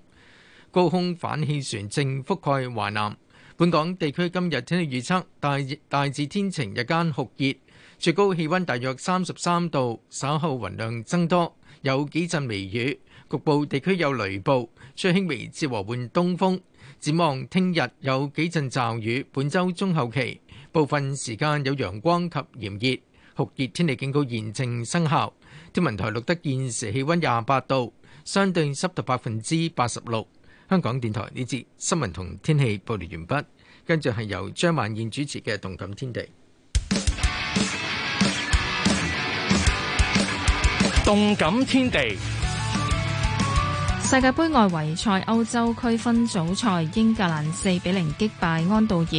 S13: 高空反氣旋正覆蓋華南。本港地區今日天氣預測，大致天晴，日間酷熱，最高氣溫大約三十三度。稍後雲量增多，有幾陣微雨，局部地區有雷暴。吹輕微至和緩東風，展望聽日有幾陣驟雨，本周中後期部分時間有陽光及炎熱。酷熱天氣警告現正生效。天文台錄得現時氣溫廿八度，相對濕度百分之八十六。香港電台呢節新聞同天氣報道完畢，跟住係由張曼燕主持嘅《動感天地》。動感天地。世界杯
S15: 外圍賽歐洲區分組賽，英格蘭四比零擊敗安道爾。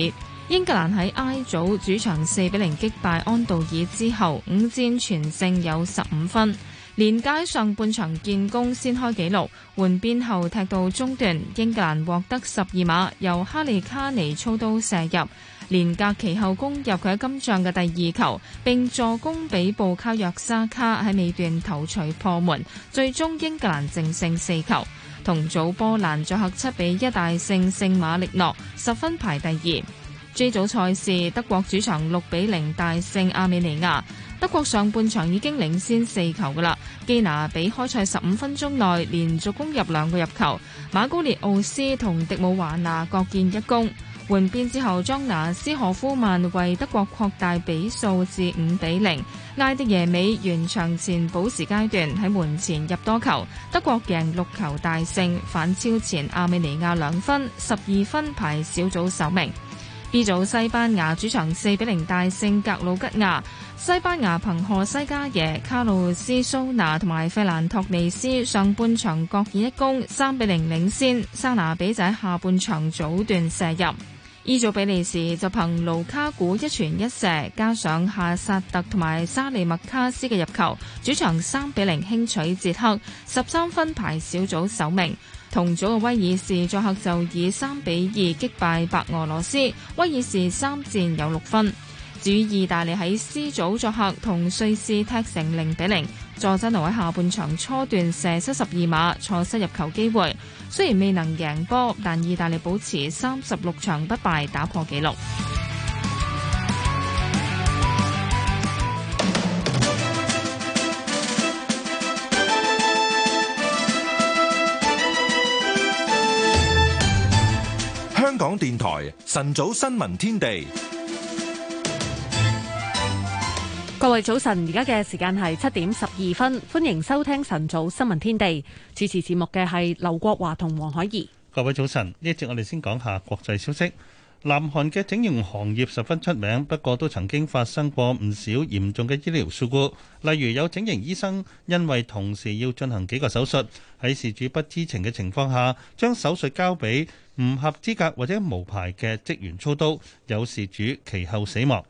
S15: 英格蘭喺 I 組主場四比零擊敗安道爾之後，五戰全勝，有十五分。連加上半場建功先開紀錄，換邊後踢到中段，英格蘭獲得十二碼，由哈利卡尼操刀射入，連加其後攻入佢喺今場嘅第二球，並助攻畀布卡約沙卡喺尾段頭槌破門，最終英格蘭淨勝四球。同組波蘭作客七比一大勝聖馬力諾，十分排第二。J 組賽事，德國主場六比零大勝阿美尼亞。德國上半場已經領先四球噶啦，基拿比開賽十五分鐘內連續攻入兩個入球，馬高列奧斯同迪姆華拿各建一功。換邊之後，莊拿斯何夫曼為德國擴大比數至五比零。拉迪耶美完場前補時階段喺門前入多球，德國贏六球大勝，反超前阿美尼亞兩分，十二分排小組首名。B 組西班牙主場四比零大勝格魯吉亞。西班牙憑何西加耶、卡路斯蘇拿同埋費蘭托尼斯上半場各建一功，三比零領先。沙拿比仔下半場早段射入。依組比利時就憑盧卡古一傳一射，加上夏薩特同埋沙利麥卡斯嘅入球，主場三比零輕取捷克，十三分排小組首名。同組嘅威爾士作客就以三比二擊敗白俄羅斯，威爾士三戰有六分。至於意大利喺 C 組作客同瑞士踢成零比零，助陣挪喺下半場初段射失十二碼，錯失入球機會。雖然未能贏波，但意大利保持三十六場不敗，打破紀錄。
S1: 香港電台晨早新聞天地。
S3: 各位早晨，而家嘅時間係七點十二分，歡迎收聽晨早新聞天地。主持節目嘅係劉國華同黃海怡。
S4: 各位早晨，呢節我哋先講下國際消息。南韓嘅整形行業十分出名，不過都曾經發生過唔少嚴重嘅醫療事故。例如有整形醫生因為同時要進行幾個手術，喺事主不知情嘅情況下，將手術交俾唔合資格或者無牌嘅職員操刀，有事主其後死亡。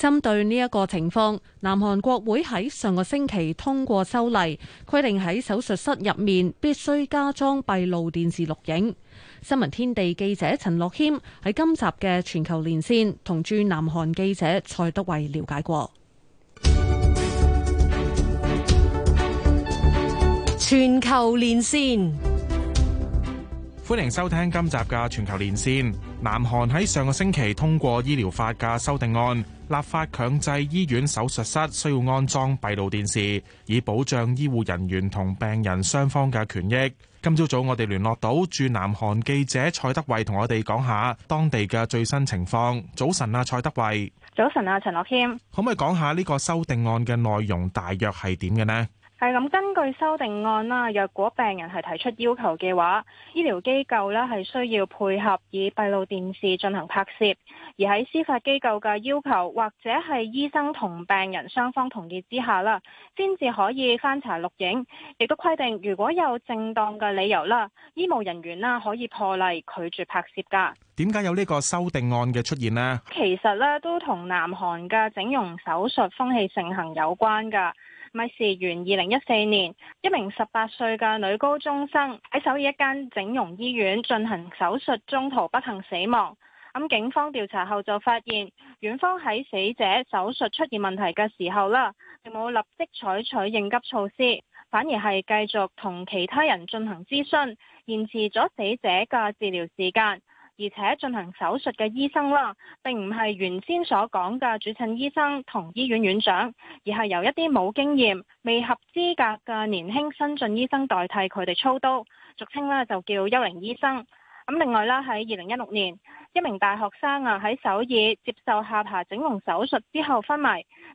S3: 針對呢一個情況，南韓國會喺上個星期通過修例，規定喺手術室入面必須加裝閉路電視錄影。新聞天地記者陳樂謙喺今集嘅全球連線同駐南韓記者蔡德偉了解過。
S11: 全球連線，
S16: 歡迎收聽今集嘅全球連線。南韓喺上個星期通過醫療法嘅修訂案，立法強制醫院手術室需要安裝閉路電視，以保障醫護人員同病人雙方嘅權益。今朝早我哋聯絡到駐南韓記者蔡德慧，同我哋講下當地嘅最新情況。早晨啊，蔡德慧。
S17: 早晨啊，陳樂謙。
S16: 可唔可以講下呢個修訂案嘅內容大約係點嘅呢？
S17: 係咁，根據修訂案啦，若果病人係提出要求嘅話，醫療機構呢係需要配合以閉路電視進行拍攝，而喺司法機構嘅要求或者係醫生同病人雙方同意之下啦，先至可以翻查錄影。亦都規定，如果有正當嘅理由啦，醫務人員啦可以破例拒絕拍攝㗎。
S16: 點解有呢個修訂案嘅出現呢？
S17: 其實呢都同南韓嘅整容手術風氣盛行有關㗎。咪事源二零一四年，一名十八歲嘅女高中生喺首爾一間整容醫院進行手術，中途不幸死亡。咁警方調查後就發現，院方喺死者手術出現問題嘅時候啦，冇立即採取應急措施，反而係繼續同其他人進行諮詢，延遲咗死者嘅治療時間。而且進行手術嘅醫生啦，並唔係原先所講嘅主診醫生同醫院院長，而係由一啲冇經驗、未合資格嘅年輕新晉醫生代替佢哋操刀，俗稱呢就叫幽靈醫生。咁另外啦，喺二零一六年，一名大學生啊喺首爾接受下巴整容手術之後昏迷，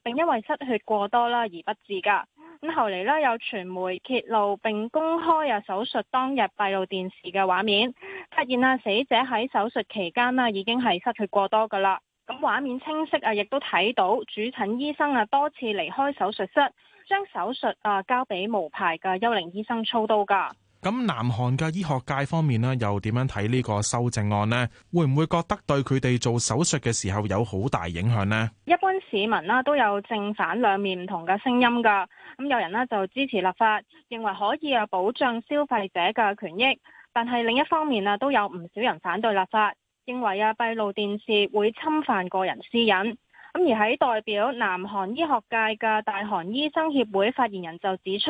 S17: 並因為失血過多啦而不治㗎。咁後嚟呢，有傳媒揭露並公開啊手術當日閉路電視嘅畫面，發現啊死者喺手術期間啊已經係失血過多㗎喇。咁畫面清晰啊，亦都睇到主診醫生啊多次離開手術室，將手術啊交俾無牌嘅幽靈醫生操刀㗎。
S16: 咁南韓嘅醫學界方面呢，又點樣睇呢個修正案呢？會唔會覺得對佢哋做手術嘅時候有好大影響呢？
S17: 一般市民啦都有正反兩面唔同嘅聲音㗎。咁有人呢就支持立法，認為可以啊保障消費者嘅權益。但係另一方面啊，都有唔少人反對立法，認為啊閉路電視會侵犯個人私隱。咁而喺代表南韓醫學界嘅大韓醫生協會發言人就指出。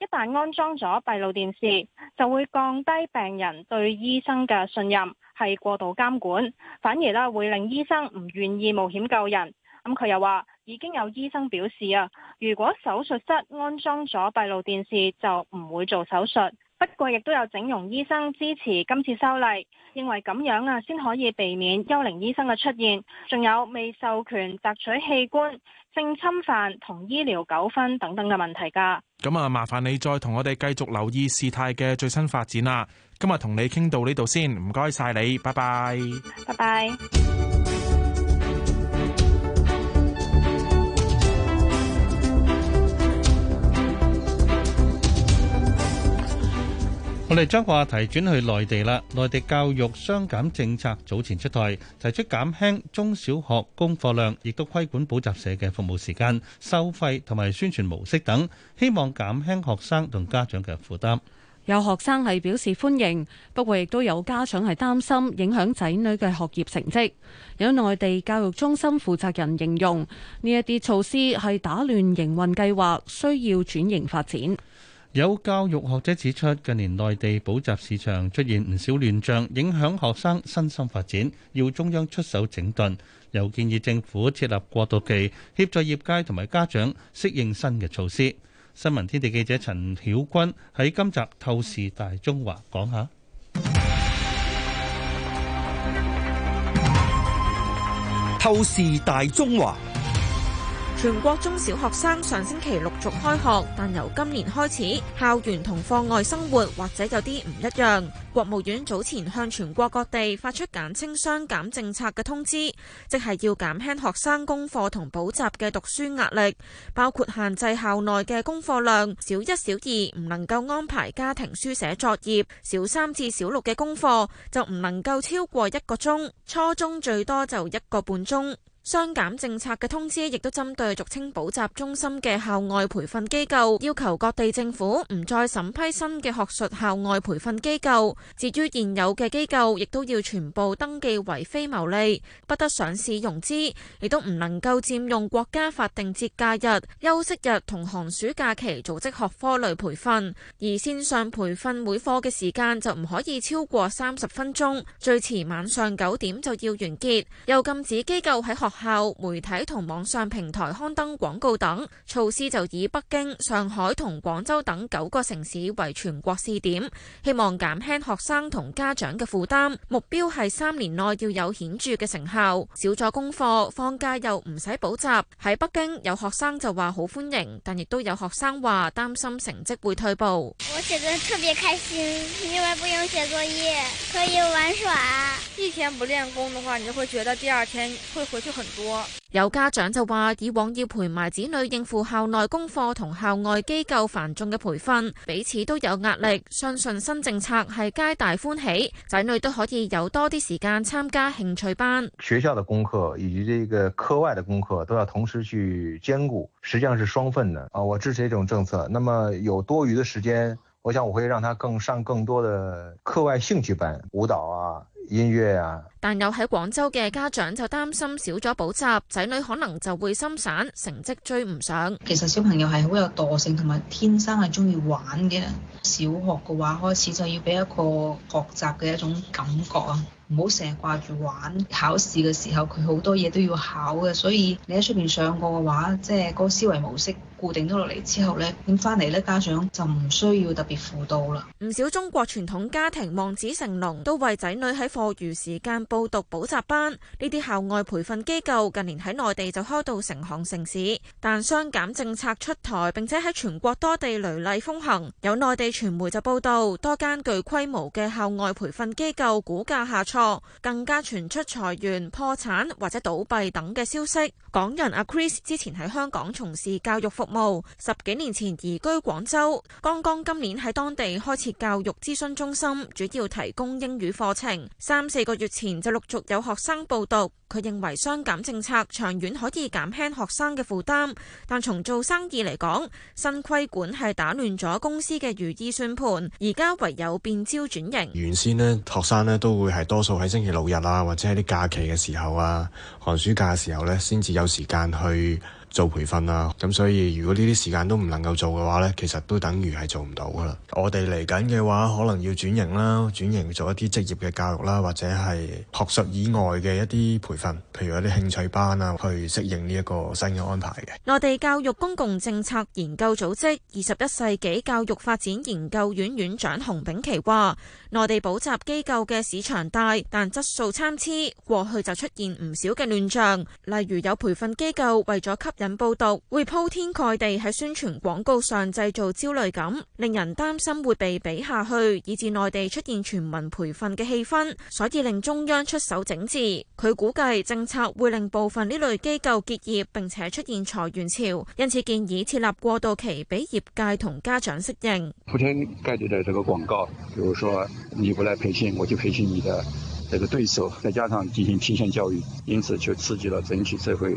S17: 一旦安裝咗閉路電視，就會降低病人對醫生嘅信任，係過度監管，反而啦會令醫生唔願意冒險救人。咁、嗯、佢又話，已經有醫生表示啊，如果手術室安裝咗閉路電視，就唔會做手術。不過亦都有整容醫生支持今次修例，認為咁樣啊先可以避免幽靈醫生嘅出現。仲有未授權摘取器官。性侵犯同醫療糾紛等等嘅問題㗎，
S16: 咁啊麻煩你再同我哋繼續留意事態嘅最新發展啦。今日同你傾到呢度先，唔該晒你，拜拜，
S17: 拜拜。
S4: 我哋將話題轉去內地啦。內地教育雙減政策早前出台，提出減輕中小學功課量，亦都規管補習社嘅服務時間、收費同埋宣傳模式等，希望減輕學生同家長嘅負擔。
S3: 有學生係表示歡迎，不過亦都有家長係擔心影響仔女嘅學業成績。有內地教育中心負責人形容，呢一啲措施係打亂營運計劃，需要轉型發展。
S4: 有教育學者指出，近年內地補習市場出現唔少亂象，影響學生身心發展，要中央出手整頓。又建議政府設立過渡期，協助業界同埋家長適應新嘅措施。新聞天地記者陳曉君喺今集透視大中華講下，
S10: 透視大中華。
S14: 全國中小學生上星期陸續開學，但由今年開始，校園同課外生活或者有啲唔一樣。國務院早前向全國各地發出簡稱雙減政策嘅通知，即係要減輕學生功課同補習嘅讀書壓力，包括限制校內嘅功課量，小一小二唔能夠安排家庭書寫作業，小三至小六嘅功課就唔能夠超過一個鐘，初中最多就一個半鐘。雙減政策嘅通知亦都針對俗稱補習中心嘅校外培訓機構，要求各地政府唔再審批新嘅學術校外培訓機構。至於現有嘅機構，亦都要全部登記為非牟利，不得上市融資，亦都唔能夠佔用國家法定節假日、休息日同寒暑假期組織學科類培訓。而線上培訓每課嘅時間就唔可以超過三十分鐘，最遲晚上九點就要完結。又禁止機構喺學校媒體同網上平台刊登廣告等措施就以北京、上海同廣州等九個城市為全國試點，希望減輕學生同家長嘅負擔。目標係三年內要有顯著嘅成效，少咗功課，放假又唔使補習。喺北京有學生就話好歡迎，但亦都有學生話擔心成績會退步。我
S15: 寫得特別開心，因為不用寫作業，可以玩耍。一天不練功嘅話，你就會覺得第二天會
S14: 回去。有家長就話：以往要陪埋子女應付校內功課同校外機構繁重嘅培訓，彼此都有壓力。相信新政策係皆大歡喜，仔女都可以有多啲時間參加興趣班。
S12: 學校的功課
S8: 以及這個課外的功課都要同時去兼顧，實際上是雙份的啊！我支持呢種政策。那麼有多餘的時間，我想我會讓他更上更多的課外興趣班，舞蹈啊，音樂啊。
S14: 但有喺廣州嘅家長就擔心少咗補習，仔女可能就會心散，成績追唔上。其實小朋友係好有惰性，
S17: 同埋天生係中意玩
S14: 嘅。小學嘅話開始就要俾一個
S17: 學習嘅一種感覺啊，唔好成日掛住玩。考試嘅時候佢好多嘢都要考嘅，所以你喺出邊上過嘅話，即係嗰個思維模式固定咗落嚟之後呢，點翻嚟呢？家長就唔需要特別輔導啦。
S14: 唔少中國傳統家庭望子成龍，都為仔女喺課餘時間。報讀補習班呢啲校外培訓機構近年喺內地就開到成行成市，但雙減政策出台，並且喺全國多地雷厲風行。有內地傳媒就報道多間具規模嘅校外培訓機構股價下挫，更加傳出裁員、破產或者倒閉等嘅消息。港人阿 Chris 之前喺香港從事教育服務，十幾年前移居廣州，剛剛今年喺當地開設教育諮詢中心，主要提供英語課程。三四個月前。就陸續有學生報讀，佢認為雙減政策長遠可以減輕學生嘅負擔，但從做生意嚟講，新規管係打亂咗公司嘅如意算盤，而家唯有變招轉型。
S18: 原先呢，學生呢都會係多數喺星期六日啊，或者喺啲假期嘅時候啊，寒暑假嘅時候呢，先至有時間去。做培訓啊，咁所以如果呢啲時間都唔能夠做嘅話咧，其實都等於係做唔到噶啦。我哋嚟緊嘅話，可能要轉型啦，轉型做一啲職業嘅教育啦，或者係學術以外嘅一啲培訓，譬如有啲興趣班啊，去適應呢一個新嘅安排嘅。
S14: 內地教育公共政策研究組織二十一世紀教育發展研究院院長熊炳奇話，內地補習機構嘅市場大，但質素參差，過去就出現唔少嘅亂象，例如有培訓機構為咗吸引報道會鋪天蓋地喺宣傳廣告上製造焦慮感，令人擔心會被比下去，以致內地出現全民培訓嘅氣氛，所以令中央出手整治。佢估計政策會令部分呢類機構結業，並且出現裁員潮，因此建議設立過渡期俾業界同家長適應。
S6: 鋪天蓋地的這個廣告，譬如說你不來培訓，我就培訓你的這個對手，再加上進行提前教育，因此就刺激了整體社會。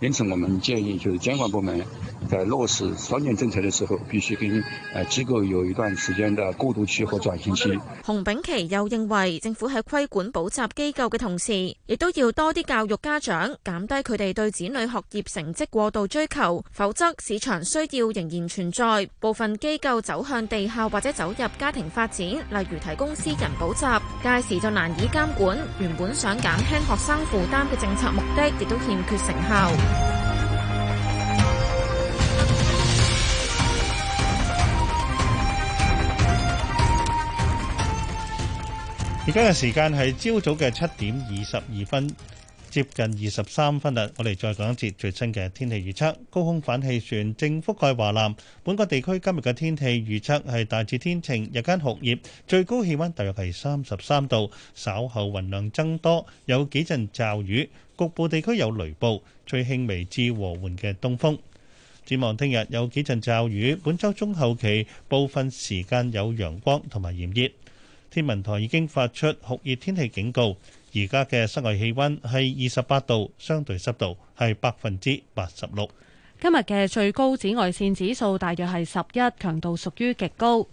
S6: 因此，我們建議就是監管部門在落實雙減政策的時候，必須跟誒機構有一段時間的過渡期和轉型期。
S14: 洪炳琪又認為，政府喺規管補習機構嘅同時，亦都要多啲教育家長，減低佢哋對子女學業成績過度追求，否則市場需要仍然存在，部分機構走向地下或者走入家庭發展，例如提供私人補習，屆時就難以監管。原本想減輕學生負擔嘅政策目的，亦都欠缺成效。
S4: 而家嘅時間係朝早嘅七點二十二分，接近二十三分啦。我哋再講一節最新嘅天氣預測。高空反氣旋正覆蓋華南，本個地區今日嘅天氣預測係大致天晴，日間酷熱，最高氣溫大約係三十三度。稍後雲量增多，有幾陣驟雨，局部地區有雷暴。最輕微至和緩嘅東風，展望聽日有幾陣驟雨，本周中後期部分時間有陽光同埋炎熱。天文台已經發出酷熱天氣警告，而家嘅室外氣温係二十八度，相對濕度係百分之八十六。
S3: 今日嘅最高紫外線指數大約係十一，強度屬於極高。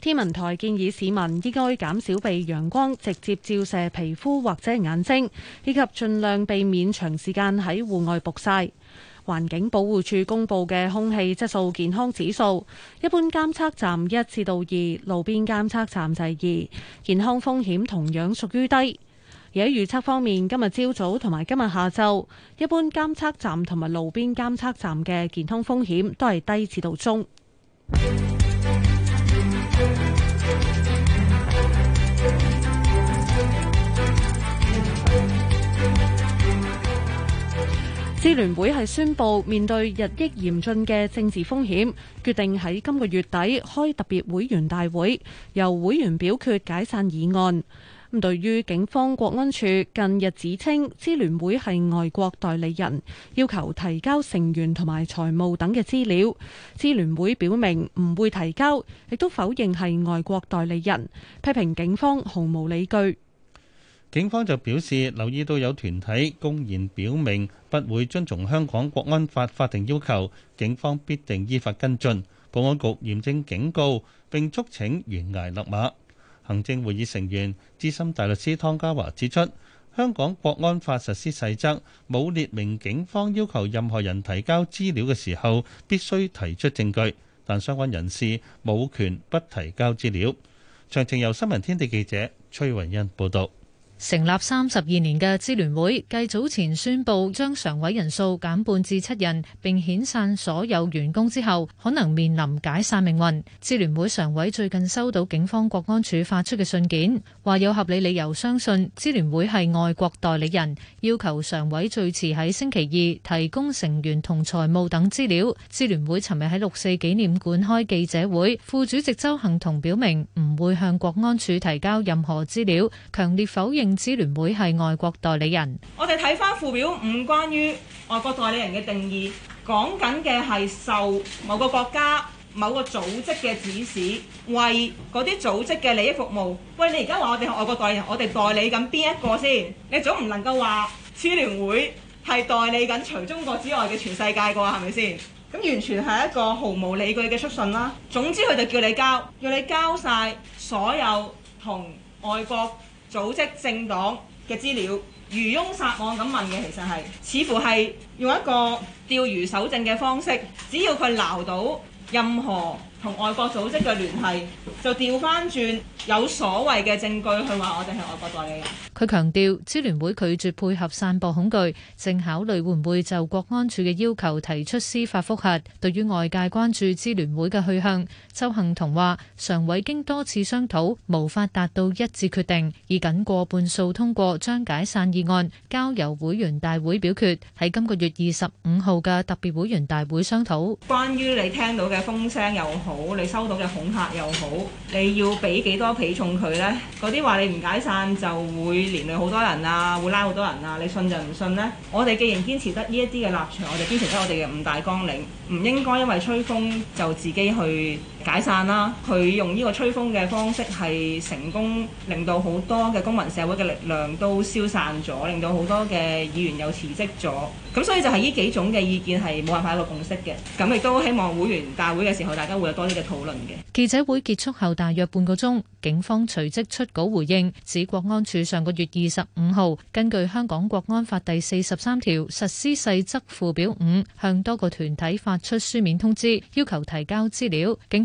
S3: 天文台建議市民應該減少被陽光直接照射皮膚或者眼睛，以及盡量避免長時間喺戶外曝曬。環境保護署公布嘅空氣質素健康指數，一般監測站一至到二，路邊監測站就係二，健康風險同樣屬於低。而喺預測方面，今日朝早同埋今日下晝，一般監測站同埋路邊監測站嘅健康風險都係低至到中。支聯會係宣布，面對日益嚴峻嘅政治風險，決定喺今個月底開特別會員大會，由會員表決解散議案。咁對於警方國安處近日指稱支聯會係外國代理人，要求提交成員同埋財務等嘅資料，支聯會表明唔會提交，亦都否認係外國代理人，批評警方毫無理據。
S4: 警方就表示，留意到有團體公然表明不會遵從香港國安法法定要求，警方必定依法跟進，保安局嚴正警告並促請懸崖勒馬。行政會議成員資深大律師湯家驊指出，香港國安法實施細則冇列明警方要求任何人提交資料嘅時候必須提出證據，但相關人士冇權不提交資料。詳情由新聞天地記者崔雲欣報道。
S11: 成立三十二年嘅支聯會，繼早前宣布將常委人數減半至七人，並遣散所有員工之後，可能面臨解散命運。支聯會常委最近收到警方國安處發出嘅信件，話有合理理由相信支聯會係外國代理人，要求常委最遲喺星期二提供成員同財務等資料。支聯會尋日喺六四紀念館開記者會，副主席鄒幸彤表明唔會向國安處提交任何資料，強烈否認。支聯會係外國代理人，
S19: 我哋睇翻附表五關於外國代理人嘅定義，講緊嘅係受某個國家、某個組織嘅指使，為嗰啲組織嘅利益服務。喂，你而家話我哋係外國代理人，我哋代理緊邊一個先？你總唔能夠話支聯會係代理緊除中國之外嘅全世界啩？係咪先？咁完全係一個毫無理據嘅出信啦。總之，佢就叫你交，要你交晒所有同外國。組織政黨嘅資料，漁翁撒網咁問嘅，其實係似乎係用一個釣魚搜證嘅方式，只要佢撈到任何。同外國組織嘅聯繫，就掉返轉有所謂嘅證據去話我哋係外國代
S11: 理人。佢強調，支聯會拒絕配合散播恐懼，正考慮會唔會就國安處嘅要求提出司法覆核。對於外界關注支聯會嘅去向，鄒幸彤話：常委經多次商討，無法達到一致決定，以僅過半數通過將解散議案交由會員大會表決，喺今個月二十五號嘅特別會員大會商討。
S19: 關於你聽到嘅風聲又？好，你收到嘅恐嚇又好，你要俾幾多屁重佢呢？嗰啲話你唔解散就會連累好多人啊，會拉好多人啊，你信就唔信呢？我哋既然堅持得呢一啲嘅立場，我哋堅持得我哋嘅五大綱領，唔應該因為吹風就自己去。解散啦！佢用呢個吹風嘅方式係成功令到好多嘅公民社會嘅力量都消散咗，令到好多嘅議員又辭職咗。咁所以就係呢幾種嘅意見，係冇辦法一個共識嘅。咁亦都希望會員大會嘅時候，大家會有多啲嘅討論嘅。
S11: 記者會結束後，大約半個鐘，警方隨即出稿回應，指國安處上個月二十五號根據香港國安法第四十三條實施細則附表五，向多個團體發出書面通知，要求提交資料。警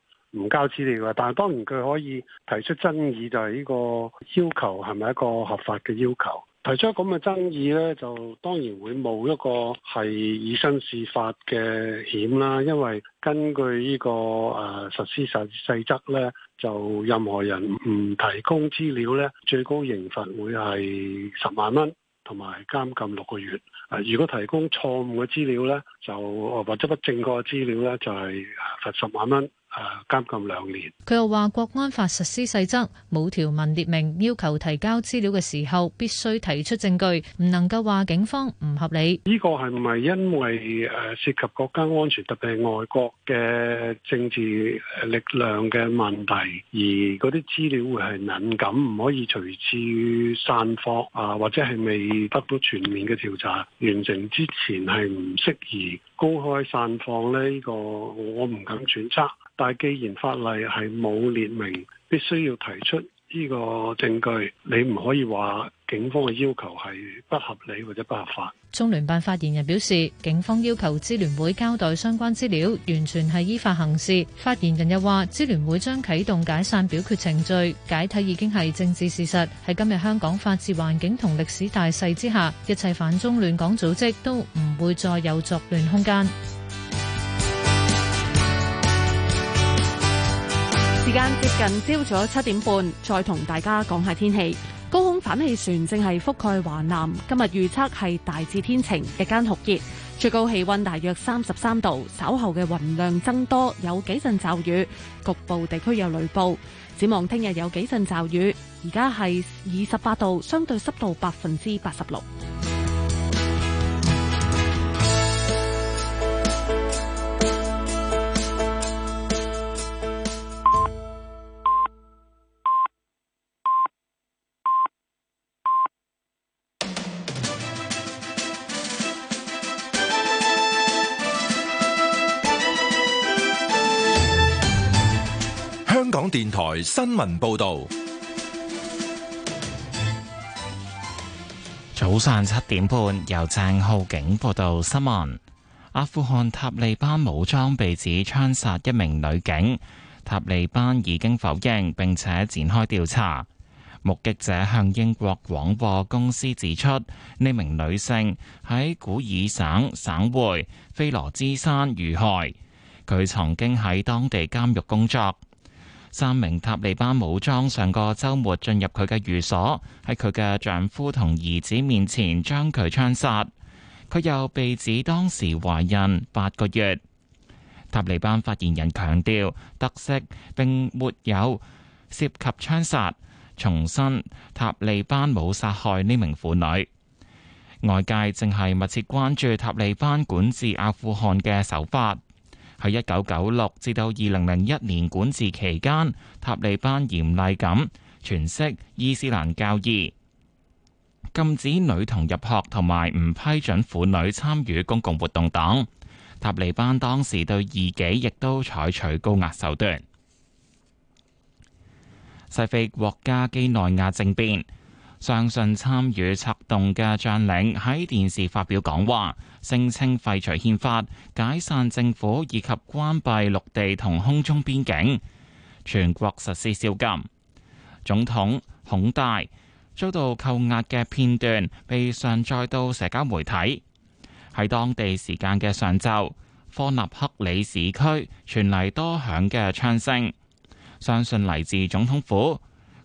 S20: 唔交資料，但係當然佢可以提出爭議，就係呢個要求係咪一個合法嘅要求？提出咁嘅爭議呢，就當然會冒一個係以身試法嘅險啦。因為根據呢、這個誒、呃、實施細細則呢，就任何人唔提供資料呢，最高刑罰會係十萬蚊，同埋監禁六個月、呃。如果提供錯誤嘅資料呢，就、呃、或者不正確嘅資料呢，就係、是、罰十萬蚊。誒監禁兩年，
S11: 佢又話《國安法》實施細則冇條文列明要求提交資料嘅時候必須提出證據，唔能夠話警方唔合理。
S20: 呢個係咪因為誒涉及國家安全特別係外國嘅政治力量嘅問題，而嗰啲資料會係敏感，唔可以隨處散放啊？或者係未得到全面嘅調查完成之前係唔適宜公開散放咧？呢個我唔敢揣測。但既然法例係冇列明必須要提出呢個證據，你唔可以話警方嘅要求係不合理或者不合法。
S11: 中聯辦發言人表示，警方要求支聯會交代相關資料，完全係依法行事。發言人又話，支聯會將啟動解散表決程序，解體已經係政治事實。喺今日香港法治環境同歷史大勢之下，一切反中亂港組織都唔會再有作亂空間。時間接近朝早七
S3: 點半，再同大家講下天氣。高空反氣旋正係覆蓋華南，今日預測係大致天晴，日間酷熱，最高氣溫大約三十三度。稍後嘅雲量增多，有幾陣驟雨，局部地區有雷暴。展望聽日有幾陣驟雨。而家係二十八度，相對濕度百分之八十六。
S1: 電台新聞報道，早上
S21: 七點半，由鄭浩景報道新聞。阿富汗塔利班武裝被指槍殺一名女警，塔利班已經否認，並且展開調查。目擊者向英國廣播公司指出，呢名女性喺古爾省省會菲羅茲山遇害，佢曾經喺當地監獄工作。三名塔利班武裝上個週末進入佢嘅寓所，喺佢嘅丈夫同兒子面前將佢槍殺。佢又被指當時懷孕八個月。塔利班發言人強調，突襲並沒有涉及槍殺，重申塔利班冇殺害呢名婦女。外界正係密切關注塔利班管治阿富汗嘅手法。喺一九九六至到二零零一年管治期間，塔利班嚴厲咁詮釋伊斯蘭教義，禁止女童入學同埋唔批准婦女參與公共活動等。塔利班當時對異己亦都採取高壓手段。西非國家幾內亞政變，相信參與策動嘅將領喺電視發表講話。聲稱廢除憲法、解散政府以及關閉陸地同空中邊境，全國實施宵禁。總統孔戴遭到扣押嘅片段被上載到社交媒體。喺當地時間嘅上晝，科納克里市區傳嚟多響嘅槍聲，相信嚟自總統府、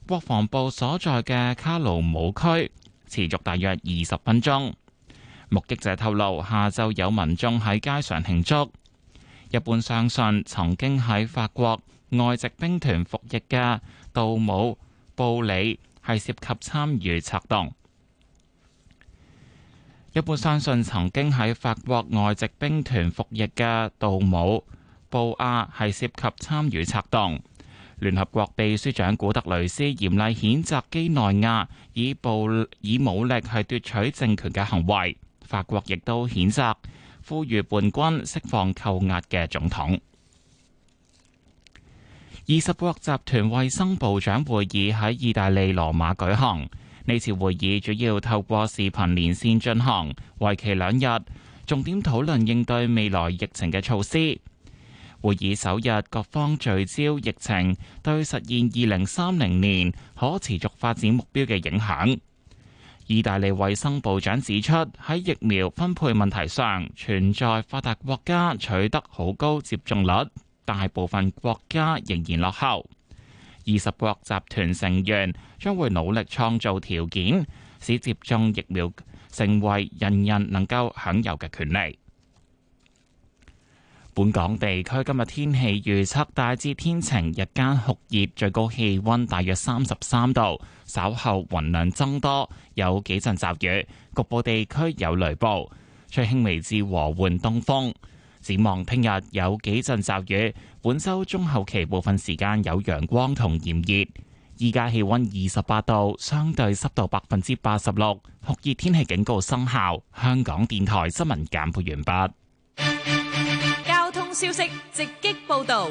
S21: 國防部所在嘅卡魯姆區，持續大約二十分鐘。目擊者透露，下晝有民眾喺街上慶祝。一般相信曾經喺法國外籍兵團服役嘅杜姆布里係涉及參與策動。一般相信曾經喺法國外籍兵團服役嘅杜姆布亞係涉及參與策動。聯合國秘書長古特雷斯嚴厲譴責幾內亞以暴以武力去奪取政權嘅行為。法國亦都譴責，呼籲叛軍釋放扣押嘅總統。二十國集團衛生部長會議喺意大利羅馬舉行，呢次會議主要透過視頻連線進行，為期兩日，重點討論應對未來疫情嘅措施。會議首日，各方聚焦疫情對實現二零三零年可持續發展目標嘅影響。意大利衛生部長指出，喺疫苗分配問題上，存在發達國家取得好高接種率，但係部分國家仍然落後。二十國集團成員將會努力創造條件，使接種疫苗成為人人能夠享有嘅權利。本港地區今日天氣預測大致天晴，日間酷熱，最高氣温大約三十三度。稍後雲量增多，有幾陣驟雨，局部地區有雷暴，吹輕微至和緩東風。展望聽日有幾陣驟雨，本周中後期部分時間有陽光同炎熱。依家氣温二十八度，相對濕度百分之八十六，酷熱天氣警告生效。香港電台新聞簡報完畢。
S11: 消息直擊報道。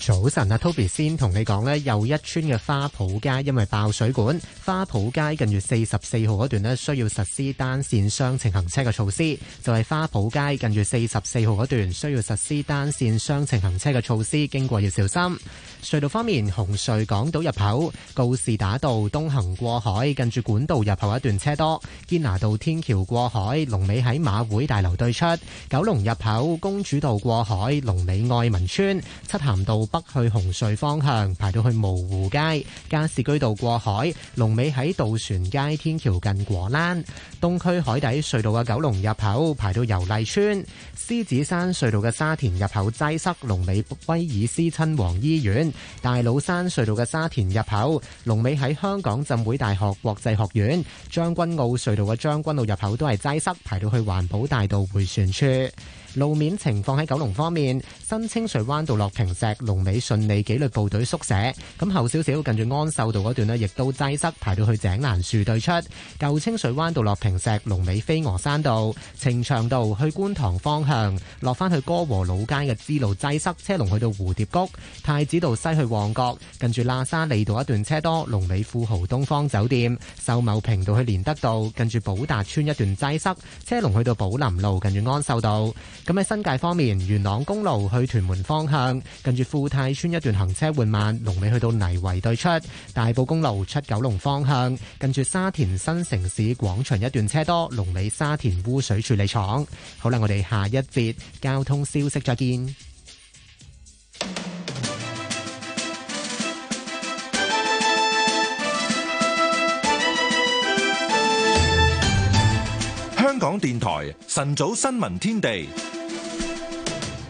S12: 早晨啊，Toby 先同你講呢，又一村嘅花圃街因為爆水管，花圃街近住四十四號嗰段呢需要實施單線雙程行車嘅措施，就係花圃街近住四十四號嗰段需要實施單線雙程行車嘅措施，經過要小心。隧道方面，紅隧港島入口告士打道東行過海，近住管道入口一段車多；堅拿道天橋過海，龍尾喺馬會大樓對出；九龍入口公主道過海，龍尾愛民村；漆咸道北去紅隧方向排到去蕪湖街；加士居道過海，龍尾喺渡船街天橋近果欄；東區海底隧道嘅九龍入口排到油麗村；獅子山隧道嘅沙田入口擠塞，龍尾威爾斯親王醫院。大老山隧道嘅沙田入口，龍尾喺香港浸會大學國際學院、將軍澳隧道嘅將軍澳入口都係擠塞，排到去環保大道回旋處。路面情況喺九龍方面，新清水灣道落坪石龍尾順利紀律部隊宿舍，咁後少少近住安秀道嗰段呢，亦都擠塞排到去井欄樹對出。舊清水灣道落坪石龍尾飛鵝山道、呈祥道去觀塘方向，落翻去歌和老街嘅支路擠塞，車龍去到蝴蝶谷太子道西去旺角，近住喇沙利道一段車多，龍尾富豪東方酒店秀茂坪道去連德道，近住寶達邨一段擠塞，車龍去到寶林路近住安秀道。咁喺新界方面，元朗公路去屯門方向，近住富泰邨一段行車緩慢，龍尾去到泥圍對出；大埔公路出九龍方向，近住沙田新城市廣場一段車多，龍尾沙田污水處理廠。好啦，我哋下一節交通消息再見。
S1: 香港電台晨早新聞天地。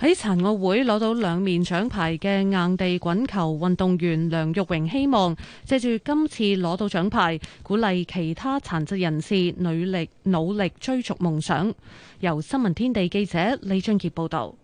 S3: 喺殘奧會攞到兩面獎牌嘅硬地滾球運動員梁玉榮，希望借住今次攞到獎牌，鼓勵其他殘疾人士努力努力追逐夢想。由新聞天地記者李俊傑報導。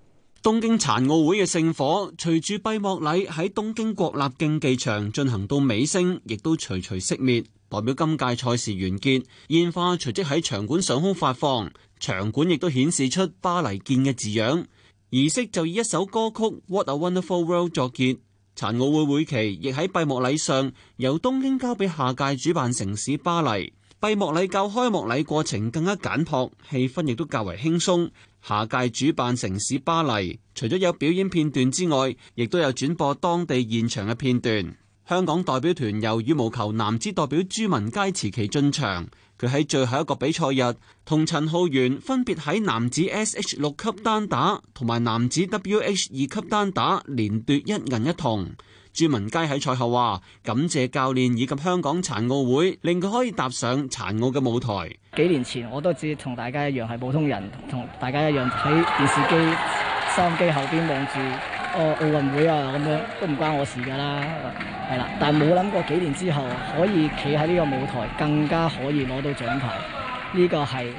S5: 東京殘奧會嘅聖火隨住閉幕禮喺東京國立競技場進行到尾聲，亦都徐徐熄滅，代表今屆賽事完結。煙花隨即喺場館上空發放，場館亦都顯示出巴黎見嘅字樣。儀式就以一首歌曲《What a Wonderful World》作結。殘奧會會期亦喺閉幕禮上由東京交俾下屆主辦城市巴黎。閉幕禮較開幕禮過程更加簡樸，氣氛亦都較為輕鬆。下屆主辦城市巴黎除咗有表演片段之外，亦都有轉播當地現場嘅片段。香港代表團由羽毛球男子代表朱文佳持旗進場。佢喺最後一個比賽日，同陳浩源分別喺男子 SH 六級單打同埋男子 WH 二級單打，連奪一銀一銅。朱文佳喺賽後話：感謝教練以及香港殘奧會，令佢可以踏上殘奧嘅舞台。
S19: 幾年前我都知，同大家一樣係普通人，同大家一樣喺電視機、收音機後邊望住哦奧運會啊咁樣，都唔關我事㗎啦。係啦，但係冇諗過幾年之後可以企喺呢個舞台，更加可以攞到獎牌。呢個係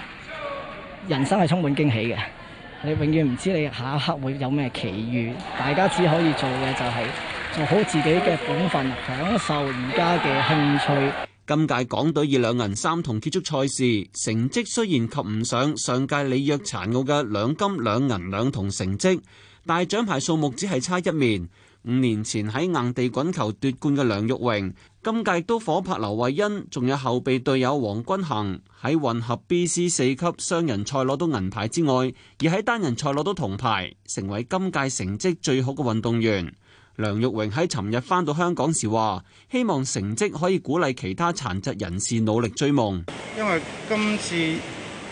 S19: 人生係充滿驚喜嘅，你永遠唔知你下一刻會有咩奇遇。大家只可以做嘅就係做好自己嘅本分，享受而家嘅
S5: 興趣。今屆港隊以兩銀三銅結束賽事，成績雖然及唔上上屆里約殘奧嘅兩金兩銀兩銅成績，但係獎牌數目只係差一面。五年前喺硬地滾球奪冠嘅梁玉榮，今屆都火拍劉慧欣，仲有後備隊友黃君恒喺混合 BC 四級雙人賽攞到銀牌之外，而喺單人賽攞到銅牌，成為今屆成績最好嘅運動員。梁玉榮喺尋日返到香港時話，希望成績可以鼓勵其他殘疾人士努力追夢。
S16: 因為今次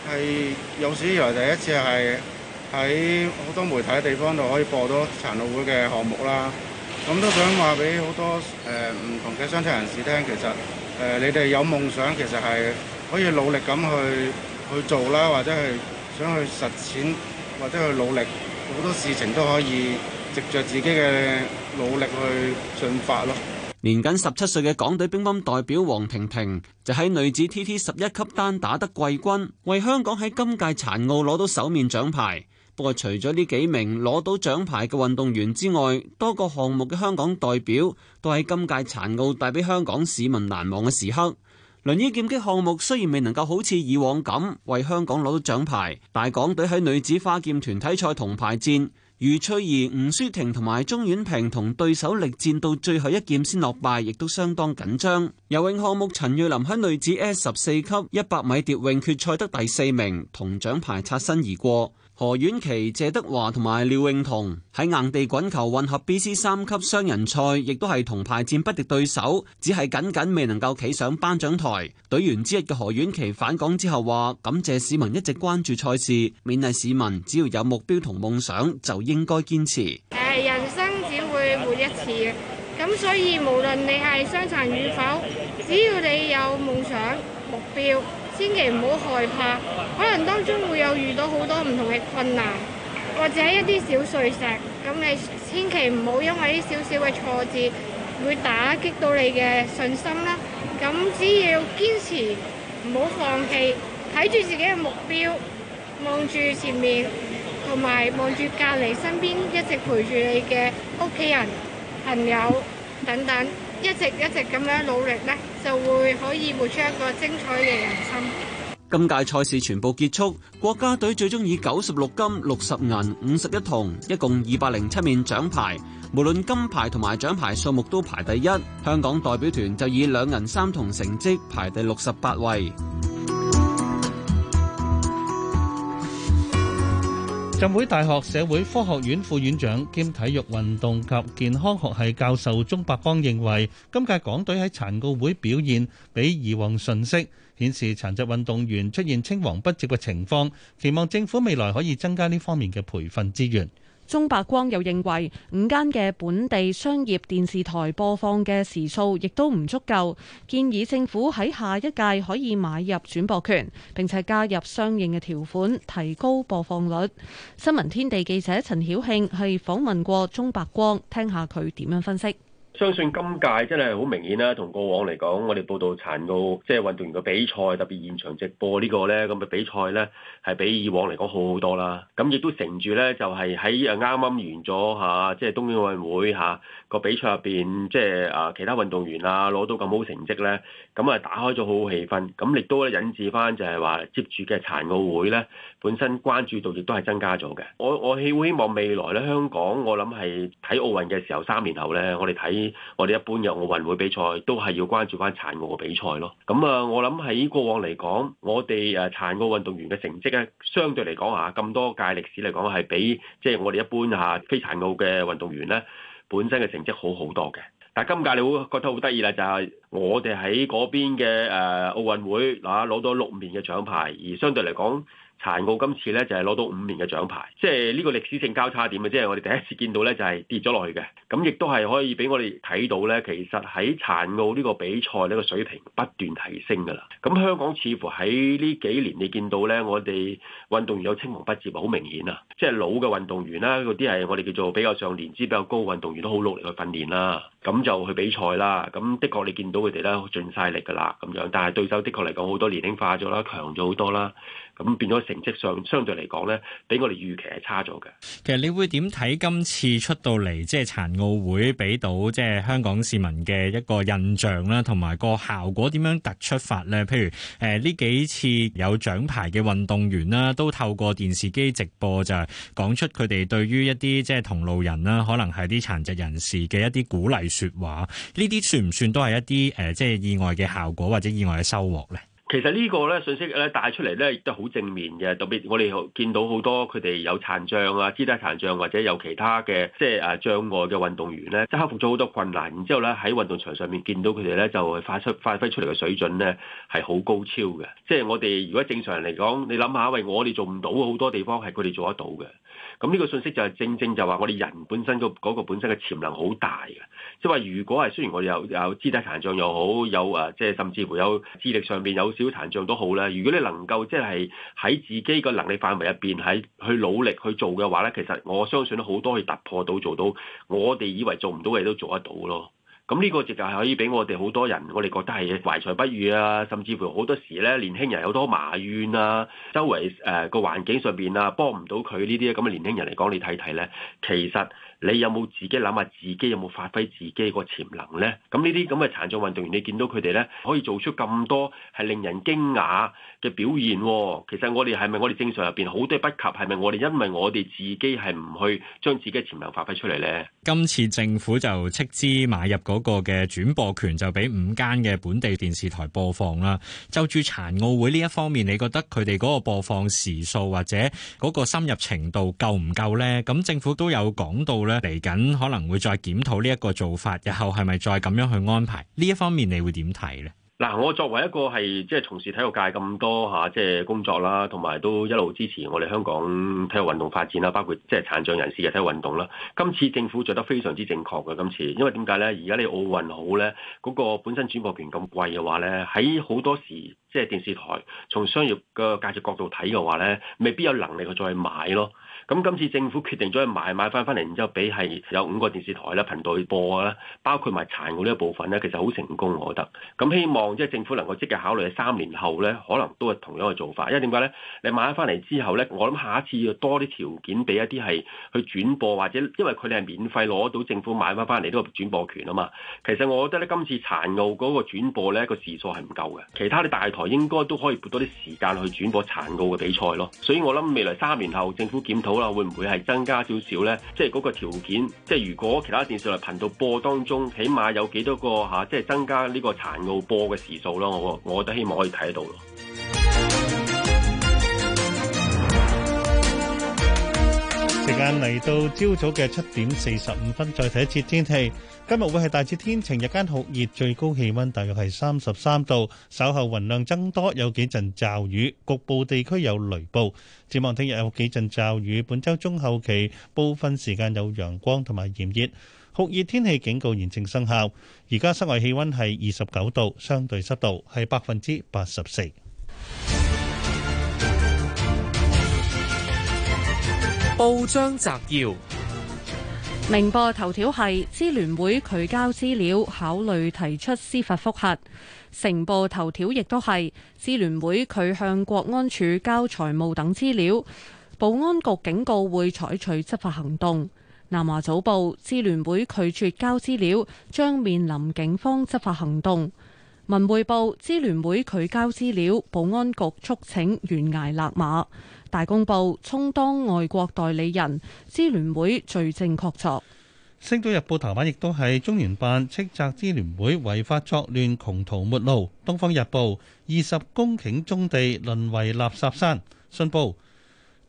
S16: 係有史以來第一次係。喺好多媒體嘅地方度可以播到殘奧會嘅項目啦，咁都想話俾好多誒唔同嘅商場人士聽，其實誒你哋有夢想，其實係可以努力咁去去做啦，或者係想去實踐，或者去努力，好多事情都可以藉着自己嘅努力去進發咯。
S5: 年僅十七歲嘅港隊乒乓球代表黃婷婷就喺女子 TT 十一級單打得季軍，為香港喺今屆殘奧攞到首面獎牌。不過除咗呢幾名攞到獎牌嘅運動員之外，多個項目嘅香港代表都喺今屆殘奧帶俾香港市民難忘嘅時刻。輪椅劍擊項目雖然未能夠好似以往咁為香港攞到獎牌，大港隊喺女子花劍團體賽銅牌戰，余翠兒、吳舒婷同埋鍾婉萍同對手力戰到最後一劍先落敗，亦都相當緊張。游泳項目，陳瑞林喺女子 S 十四級一百米蝶泳決賽得第四名，同獎牌擦身而過。何婉琪、謝德華同埋廖穎彤喺硬地滾球混合 B C 三級雙人賽，亦都係銅牌戰不敵對手，只係僅僅未能夠企上頒獎台。隊員之一嘅何婉琪返港之後話：感謝市民一直關注賽事，勉勵市民只要有目標同夢想就應該堅持。
S17: 誒，人生只會活一次嘅，咁所以無論你係傷殘與否，只要你有夢想、目標。千祈唔好害怕，可能當中會有遇到好多唔同嘅困難，或者一啲小碎石，咁你千祈唔好因為啲少少嘅挫折，會打擊到你嘅信心啦。咁只要堅持，唔好放棄，睇住自己嘅目標，望住前面，同埋望住隔籬身邊一直陪住你嘅屋企人、朋友等等，一直一直咁樣努力呢。就會可以活出一個精彩嘅
S5: 人生。今屆賽事全部結束，國家隊最終以九十六金、六十銀、五十一銅，一共二百零七面獎牌，無論金牌同埋獎牌數目都排第一。香港代表團就以兩銀三銅成績排第六十八位。浸會大學社會科學
S4: 院副院長兼體育運動及健康學系教授鍾伯光認為，今屆港隊喺殘奧會表現比以往遜色，顯示殘疾運動員出現青黃不接嘅情況，期望政府未來可以增加呢方面嘅培訓資源。
S3: 鍾白光又認為五間嘅本地商業電視台播放嘅時數亦都唔足夠，建議政府喺下一屆可以買入轉播權，並且加入相應嘅條款，提高播放率。新聞天地記者陳曉慶係訪問過鐘白光，聽下佢點樣分析。
S9: 相信今屆真係好明顯啦，同過往嚟講，我哋報道殘奧即係，就是，運動員嘅比賽，特別現場直播呢個呢，那個咧，咁嘅比賽咧，係比以往嚟講好好多啦。咁亦都乘住咧，就係，是，喺啊啱啱完咗嚇，即，就，係，是，冬奧運會嚇，啊那個比賽入邊，即，就，係，是，啊其他運動員啊攞到咁好成績咧。咁啊，打開咗好好氣氛，咁亦都咧引致翻就係話接住嘅殘奧會咧，本身關注度亦都係增加咗嘅。我我希希望未來咧香港，我諗係睇奧運嘅時候，三年後咧，我哋睇我哋一般嘅奧運會比賽，都係要關注翻殘奧嘅比賽咯。咁啊，我諗喺過往嚟講，我哋誒殘奧運動員嘅成績咧，相對嚟講嚇，咁多屆歷史嚟講，係比即係我哋一般嚇非殘奧嘅運動員咧，本身嘅成績好好多嘅。嗱，但今屆你會覺得好得意啦，就係、是、我哋喺嗰邊嘅誒奧運會嗱，攞到六面嘅獎牌，而相對嚟講。殘奧今次咧就係攞到五年嘅獎牌，即係呢個歷史性交叉點啊！即係我哋第一次見到咧就係跌咗落去嘅，咁亦都係可以俾我哋睇到咧，其實喺殘奧呢個比賽呢個水平不斷提升噶啦。咁香港似乎喺呢幾年你見到咧，我哋運動員有青黃不接，好明顯啊！即係老嘅運動員啦，嗰啲係我哋叫做比較上年資比較高運動員都好努力去訓練啦，咁就去比賽啦。咁的確你見到佢哋咧盡晒力噶啦，咁樣，但係對手的確嚟講好多年輕化咗啦，強咗好多啦。咁變咗成績上相對嚟講咧，比我哋預期係差咗嘅。其實
S18: 你會點睇今次出到嚟即係殘奧會俾到即係香港市民嘅一個印象啦，同埋個效果點樣突出法咧？譬如誒呢、呃、幾次有獎牌嘅運動員啦，都透過電視機直播就係講出佢哋對於一啲即係同路人啦，可能係啲殘疾人士嘅一啲鼓勵説話，呢啲算唔算都係一啲誒即係意外嘅效果或者意外嘅收穫咧？
S9: 其實呢個咧信息咧帶出嚟咧亦都好正面嘅，特別我哋見到好多佢哋有殘障啊、肢體殘障或者有其他嘅即係啊障礙嘅運動員咧，都克服咗好多困難，然之後咧喺運動場上面見到佢哋咧就發出發揮出嚟嘅水準咧係好高超嘅，即係我哋如果正常人嚟講，你諗下喂，我哋做唔到好多地方係佢哋做得到嘅。咁呢個信息就係正正就話我哋人本身個嗰個本身嘅潛能好大嘅，即係話如果係雖然我哋有有肢體殘障又好，有啊即係甚至乎有智力上邊有少少殘障都好咧，如果你能夠即係喺自己個能力範圍入邊，喺去努力去做嘅話咧，其實我相信好多可以突破到做到，我哋以為做唔到嘅嘢都做得到咯。咁呢個就係可以俾我哋好多人，我哋覺得係懷才不遇啊，甚至乎好多時咧年輕人有多埋怨啊，周圍誒個環境上邊啊幫唔到佢呢啲咁嘅年輕人嚟講，你睇睇咧，其實。你有冇自己諗下自己有冇發揮自己個潛能咧？咁呢啲咁嘅殘障運動員你見到佢哋咧，可以做出咁多係令人驚訝嘅表現，哦，其實我哋係咪我哋正常入邊好多不及，係咪我哋因為我哋自己係唔去將自己嘅潛能發揮出嚟咧？
S18: 今次政府就斥資買入嗰個嘅轉播權就俾五間嘅本地電視台播放啦。就住殘奧會呢一方面，你覺得佢哋嗰個播放時數或者嗰個深入程度夠唔夠咧？咁政府都有講到。嚟緊可能會再檢討呢一個做法，日後係咪再咁樣去安排？呢一方面你會點睇咧？
S9: 嗱，我作為一個係即係從事體育界咁多吓，即係工作啦，同埋都一路支持我哋香港體育運動發展啦，包括即係殘障人士嘅體育運動啦。今次政府做得非常之正確嘅，今次因為點解咧？而家你奧運好咧，嗰個本身轉播權咁貴嘅話咧，喺好多時即係電視台從商業嘅價值角度睇嘅話咧，未必有能力去再買咯。咁今次政府決定咗係買買翻翻嚟，然之後俾係有五個電視台啦頻道去播啦，包括埋殘奧呢一部分咧，其實好成功我覺得。咁希望即係政府能夠積極考慮三年後咧，可能都係同樣嘅做法。因為點解咧？你買翻嚟之後咧，我諗下一次要多啲條件俾一啲係去轉播或者，因為佢哋係免費攞到政府買翻翻嚟呢個轉播權啊嘛。其實我覺得咧，今次殘奧嗰個轉播咧，個時數係唔夠嘅，其他啲大台應該都可以撥多啲時間去轉播殘奧嘅比賽咯。所以我諗未來三年後政府檢討。啦，會唔會係增加少少呢？即係嗰個條件，即係如果其他電視台頻道播當中，起碼有幾多個嚇、啊？即係增加呢個殘奧播嘅時數咯。我我覺得希望可以睇得到咯。
S4: 時間嚟到朝早嘅七點四十五分，再睇一次天氣。今日會係大致天晴，日間酷熱，最高氣溫大約係三十三度。稍後雲量增多，有幾陣驟雨，局部地區有雷暴。展望聽日有幾陣驟雨。本周中後期部分時間有陽光同埋炎熱，酷熱天氣警告現正生效。而家室外氣溫係二十九度，相對濕度係百分之八十四。
S12: 報章摘要：
S3: 明報頭條係支聯會拒交資料，考慮提出司法複核。成報頭條亦都係支聯會拒向國安處交財務等資料，保安局警告會採取執法行動。南華早報：支聯會拒絕交資料，將面臨警方執法行動。文匯報：支聯會拒交資料，保安局促請懸崖勒馬。大公報充當外國代理人，支聯會罪證確鑿。
S4: 星島日報頭版亦都係中聯辦斥責支聯會違法作亂，窮途末路。《東方日報》二十公頃棕地淪為垃圾山。信報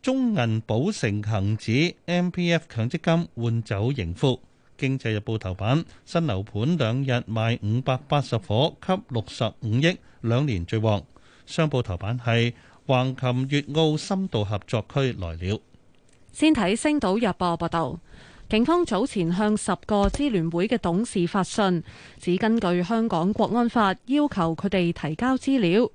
S4: 中銀保誠恒指 M P F 強積金換走盈富。經濟日報頭版新樓盤兩日賣五百八十伙，吸六十五億，兩年最旺。商報頭版係橫琴粵澳深度合作區來了。
S3: 先睇《星島日報》報道，警方早前向十個支聯會嘅董事發信，只根據香港國安法要求佢哋提交資料。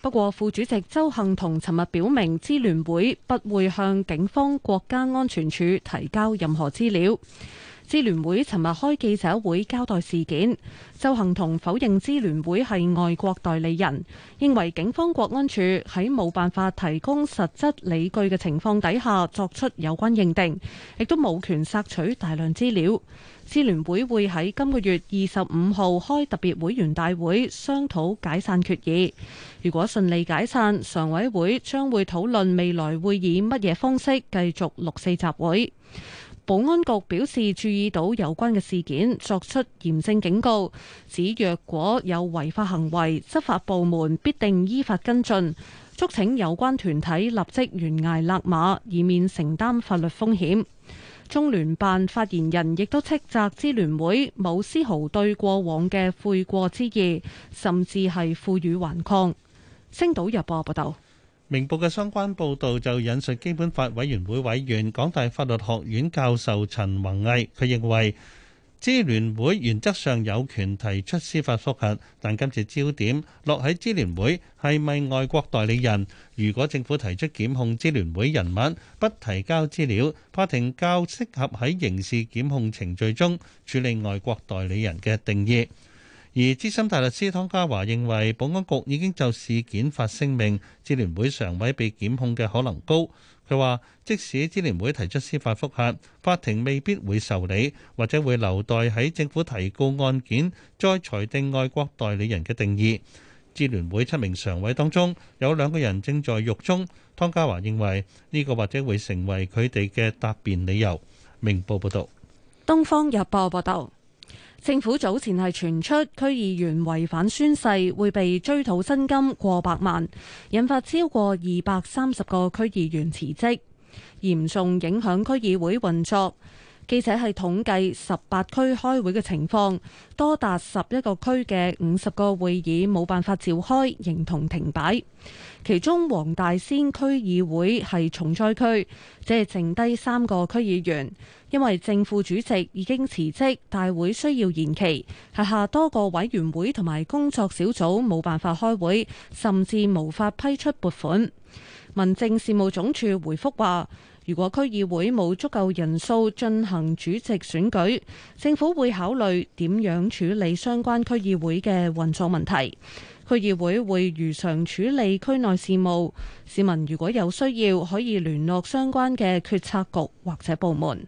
S3: 不過副主席周幸同尋日表明，支聯會不會向警方國家安全處提交任何資料。支聯會尋日開記者會交代事件，鄒幸彤否認支聯會係外國代理人，認為警方國安處喺冇辦法提供實質理據嘅情況底下作出有關認定，亦都冇權索取大量資料。支聯會會喺今個月二十五號開特別會員大會商討解散決議，如果順利解散，常委會將會討論未來會以乜嘢方式繼續六四集會。保安局表示注意到有關嘅事件，作出嚴正警告，指若果有違法行為，執法部門必定依法跟進，促請有關團體立即懸崖勒馬，以免承擔法律風險。中聯辦發言人亦都斥責支聯會冇絲毫對過往嘅悔過之意，甚至係負隅頑抗。星島日報報道。
S4: 明報嘅相關報導就引述基本法委員會委員、港大法律學院教授陳弘毅，佢認為，支聯會原則上有權提出司法覆核，但今次焦點落喺支聯會係咪外國代理人。如果政府提出檢控支聯會人物，不提交資料，法庭較適合喺刑事檢控程序中處理外國代理人嘅定義。而資深大律師湯家驊認為保安局已經就事件發聲明，支聯會常委被檢控嘅可能高。佢話即使支聯會提出司法覆核，法庭未必會受理，或者會留待喺政府提告案件再裁定外國代理人嘅定義，支聯會七名常委當中有兩個人正在獄中，湯家驊認為呢個或者會成為佢哋嘅答辯理由。明報報道，
S3: 東方日報報道。政府早前係傳出區議員違反宣誓，會被追討薪金過百萬，引發超過二百三十個區議員辭職，嚴重影響區議會運作。記者係統計十八區開會嘅情況，多達十一個區嘅五十個會議冇辦法召開，形同停擺。其中黃大仙區議會係重災區，即係剩低三個區議員，因為正副主席已經辭職，大會需要延期。轄下多個委員會同埋工作小組冇辦法開會，甚至無法批出撥款。民政事務總署回覆話，如果區議會冇足夠人數進行主席選舉，政府會考慮點樣處理相關區議會嘅運作問題。區議會會如常處理區內事務，市民如果有需要，可以聯絡相關嘅決策局或者部門。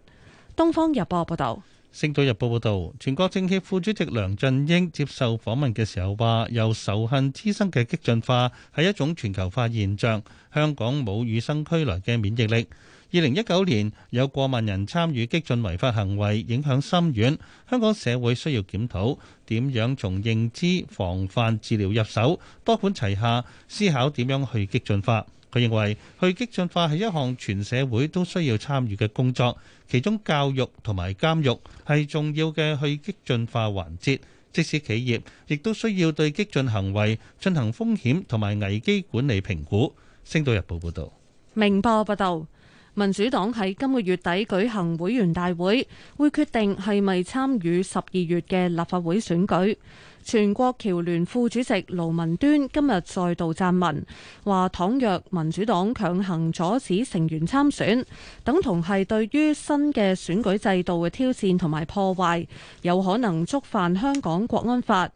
S3: 東方日報報道。
S4: 《星島日報》報道，全國政協副主席梁振英接受訪問嘅時候話，由仇恨滋生嘅激進化係一種全球化現象，香港冇與生俱來嘅免疫力。二零一九年有過萬人參與激進違法行為，影響深遠。香港社會需要檢討點樣從認知、防範、治療入手，多管齊下，思考點樣去激進化。佢認為去激進化係一項全社會都需要參與嘅工作，其中教育同埋監獄係重要嘅去激進化環節。即使企業亦都需要對激進行為進行風險同埋危機管理評估。星島日報報道。
S3: 明報報道。民主黨喺今個月底舉行會員大會，會決定係咪參與十二月嘅立法會選舉。全國僑聯副主席盧文端今日再度撰文，話倘若民主黨強行阻止成員參選，等同係對於新嘅選舉制度嘅挑戰同埋破壞，有可能觸犯香港國安法。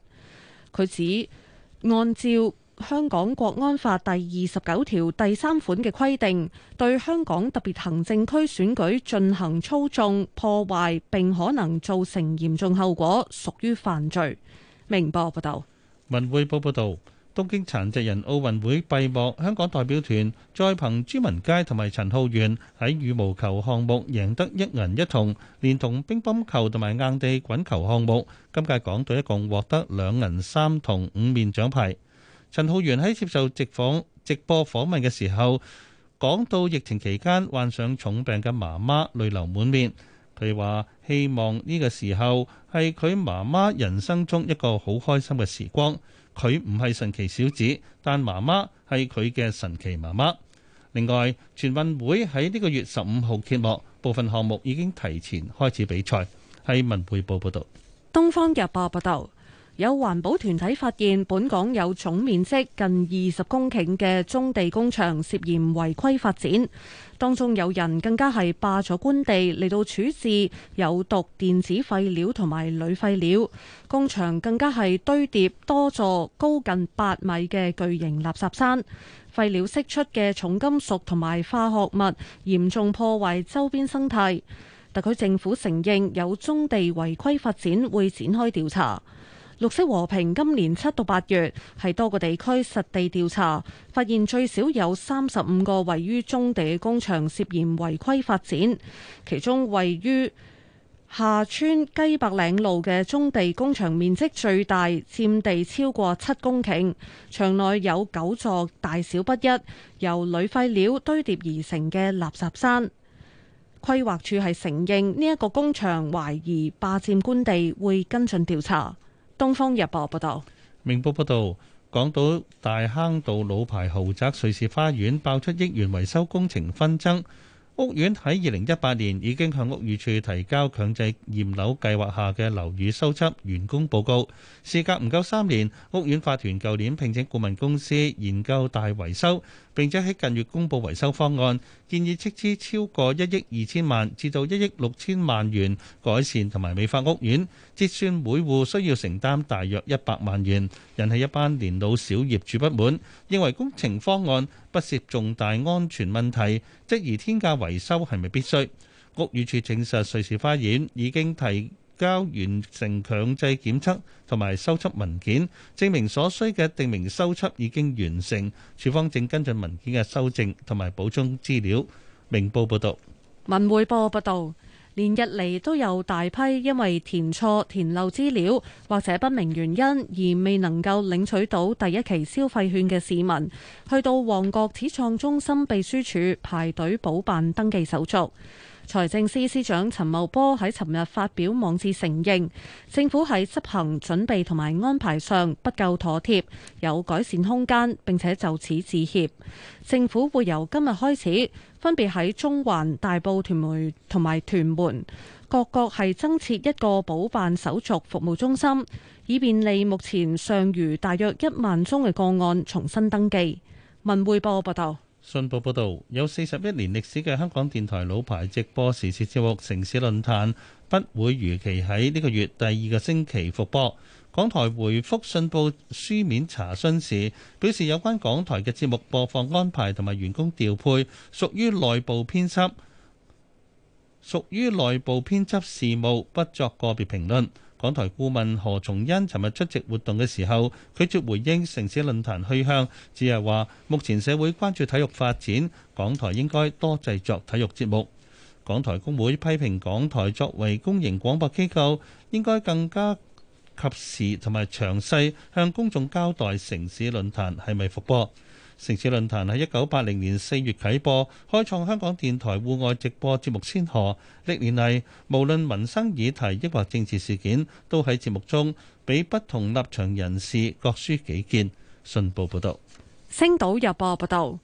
S3: 佢指按照，香港國安法第二十九條第三款嘅規定，對香港特別行政區選舉進行操縱、破壞，並可能造成嚴重後果，屬於犯罪。明報報道，
S4: 文匯報報道，東京殘疾人奧運會閉幕，香港代表團再憑朱文佳同埋陳浩源喺羽毛球項目贏得一銀一銅，連同乒乓球同埋硬地滾球項目，今屆港隊一共獲得兩銀三銅五面獎牌。陳浩源喺接受直訪直播訪問嘅時候，講到疫情期間患上重病嘅媽媽淚流滿面。佢話希望呢個時候係佢媽媽人生中一個好開心嘅時光。佢唔係神奇小子，但媽媽係佢嘅神奇媽媽。另外，全運會喺呢個月十五號揭幕，部分項目已經提前開始比賽。喺文匯報報道，
S3: 《東方日報》報道。有環保團體發現，本港有總面積近二十公頃嘅棕地工場涉嫌違規發展，當中有人更加係霸咗官地嚟到處置有毒電子廢料同埋鋁廢料，工場更加係堆疊多座高近八米嘅巨型垃圾山，廢料釋出嘅重金屬同埋化學物嚴重破壞周邊生態。特區政府承認有棕地違規發展，會展開調查。綠色和平今年七到八月係多個地區實地調查，發現最少有三十五個位於中地嘅工場涉嫌違規發展。其中位於下村雞白嶺路嘅中地工場面積最大，佔地超過七公頃，場內有九座大小不一由鋁廢料堆疊而成嘅垃圾山。規劃處係承認呢一個工場懷疑霸佔官地，會跟進調查。《東方日報》報道，
S4: 《明報》報道，港島大坑道老牌豪宅瑞士花園爆出億元維修工程紛爭。屋苑喺二零一八年已經向屋宇署提交強制驗樓計劃下嘅樓宇修葺完工報告，事隔唔夠三年，屋苑法團舊年聘請顧問公司研究大維修。並且喺近月公布維修方案，建議斥資超過一億二千萬至到一億六千萬元改善同埋美化屋苑，折算每戶需要承擔大約一百萬元，引起一班年老小業主不滿，認為工程方案不涉重大安全問題，質疑天價維修係咪必須？屋宇處證實瑞士花言已經提交完成強制檢測同埋收執文件，證明所需嘅定名收執已經完成。處方正跟進文件嘅修正同埋補充資料。明報報道，
S3: 文匯報報道，連日嚟都有大批因為填錯、填漏資料或者不明原因而未能夠領取到第一期消費券嘅市民，去到旺角始創中心秘書處排隊補辦登記手續。財政司司長陳茂波喺尋日發表網誌承認，政府喺執行準備同埋安排上不夠妥帖，有改善空間，並且就此致歉。政府會由今日開始，分別喺中環、大埔屯門同埋屯門各角係增設一個補辦手續服務中心，以便利目前尚餘大約一萬宗嘅個案重新登記。文匯報報道。
S4: 信報報導，有四十一年歷史嘅香港電台老牌直播時事節目《城市論壇》不會如期喺呢個月第二個星期復播。港台回覆信報書面查詢時，表示有關港台嘅節目播放安排同埋員工調配屬於內部編輯，屬於內部編輯事務，不作個別評論。港台顧問何重恩尋日出席活動嘅時候，拒絕回應城市論壇去向，只係話目前社會關注體育發展，港台應該多製作體育節目。港台工會批評港台作為公營廣播機構，應該更加及時同埋詳細向公眾交代城市論壇係咪復播。城市論壇喺一九八零年四月啟播，開創香港電台戶外直播節目先河。歷年嚟，無論民生議題抑或政治事件，都喺節目中俾不同立場人士各抒己見，信報報道，
S3: 星島日報報道。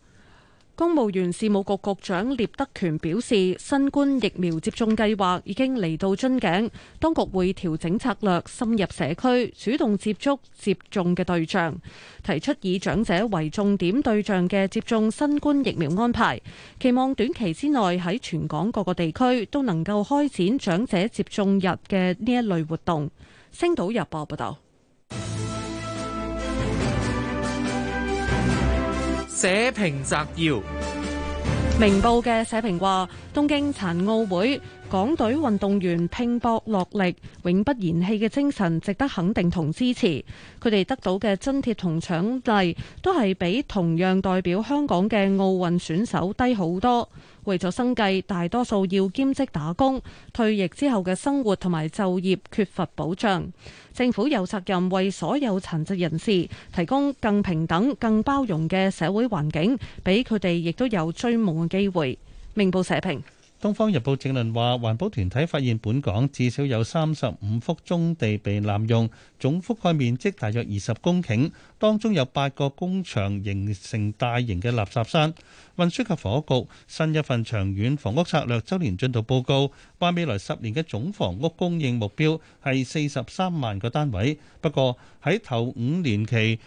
S3: 公務員事務局局長聶德權表示，新冠疫苗接種計劃已經嚟到樽頸，當局會調整策略，深入社區，主動接觸接種嘅對象，提出以長者為重點對象嘅接種新冠疫苗安排，期望短期之內喺全港各個地區都能夠開展長者接種日嘅呢一類活動。星島日報報道。
S12: 社評摘要，
S3: 《明報》嘅社評話：東京殘奧會港隊運動員拼搏落力、永不言棄嘅精神值得肯定同支持。佢哋得到嘅津貼同獎勵都係比同樣代表香港嘅奧運選手低好多。為咗生計，大多數要兼職打工，退役之後嘅生活同埋就業缺乏保障。政府有責任為所有殘疾人士提供更平等、更包容嘅社會環境，俾佢哋亦都有追夢嘅機會。明報社評。
S4: 《東方日報》正論話，環保團體發現本港至少有三十五幅棕地被濫用，總覆蓋面積大約二十公頃，當中有八個工場形成大型嘅垃圾山。運輸及房屋局新一份長遠房屋策略週年進度報告，話未來十年嘅總房屋供應目標係四十三萬個單位，不過喺頭五年期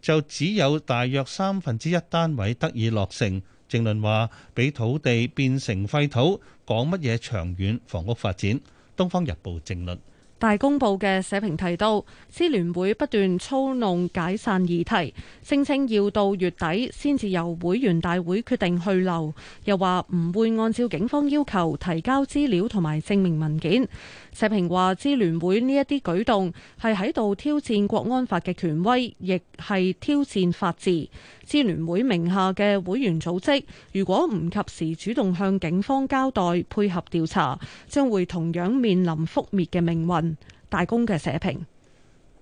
S4: 就只有大約三分之一單位得以落成。正論話俾土地變成廢土，講乜嘢長遠房屋發展？東方日報正論
S3: 大公報嘅社評提到，支聯會不斷操弄解散議題，聲稱要到月底先至由會員大會決定去留，又話唔會按照警方要求提交資料同埋證明文件。社評話，支聯會呢一啲舉動係喺度挑戰國安法嘅權威，亦係挑戰法治。支聯會名下嘅會員組織，如果唔及時主動向警方交代、配合調查，將會同樣面臨覆滅嘅命運。大公嘅社評。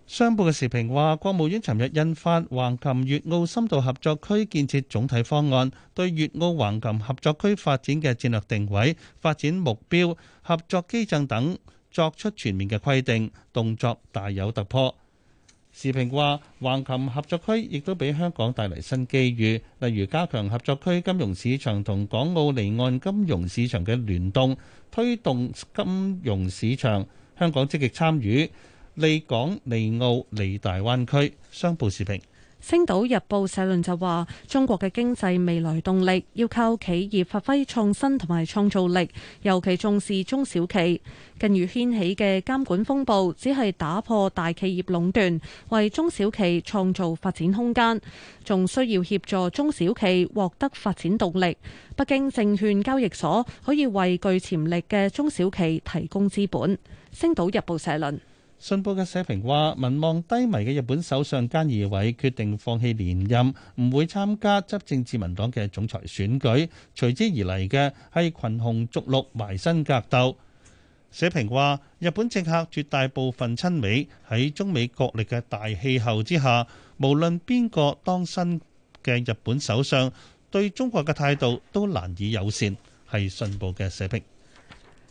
S4: 商報嘅時評話，國務院尋日印發橫琴粵澳深度合作區建設總體方案，對粵澳橫琴合作區發展嘅戰略定位、發展目標、合作機制等。作出全面嘅規定，動作大有突破。時評話，橫琴合作區亦都俾香港帶嚟新機遇，例如加強合作區金融市場同港澳離岸金融市場嘅聯動，推動金融市場。香港積極參與利港、利澳、利大灣區。商報時評。
S3: 《星島日報》社論就話：中國嘅經濟未來動力要靠企業發揮創新同埋創造力，尤其重視中小企。近日掀起嘅監管風暴，只係打破大企業壟斷，為中小企創造發展空間，仲需要協助中小企獲得發展動力。北京證券交易所可以為具潛力嘅中小企提供資本。《星島日報》社論。
S4: 信報嘅社評話：民望低迷嘅日本首相菅義偉決定放棄連任，唔會參加執政自民黨嘅總裁選舉。隨之而嚟嘅係群雄逐鹿、埋身格鬥。社評話：日本政客絕大部分親美，喺中美角力嘅大氣候之下，無論邊個當新嘅日本首相，對中國嘅態度都難以友善。係信報嘅社評。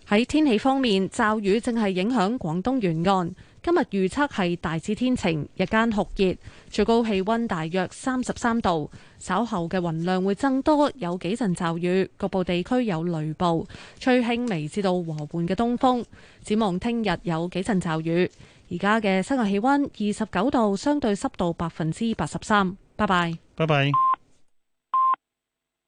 S3: 喺天氣方面，驟雨正係影響廣東沿岸。今日預測係大致天晴，日間酷熱，最高氣溫大約三十三度。稍後嘅雲量會增多，有幾陣驟雨，局部地區有雷暴，吹輕微至到和緩嘅東風。展望聽日有幾陣驟雨。而家嘅室外氣溫二十九度，
S15: 相對濕度百分之八十三。拜拜，拜拜。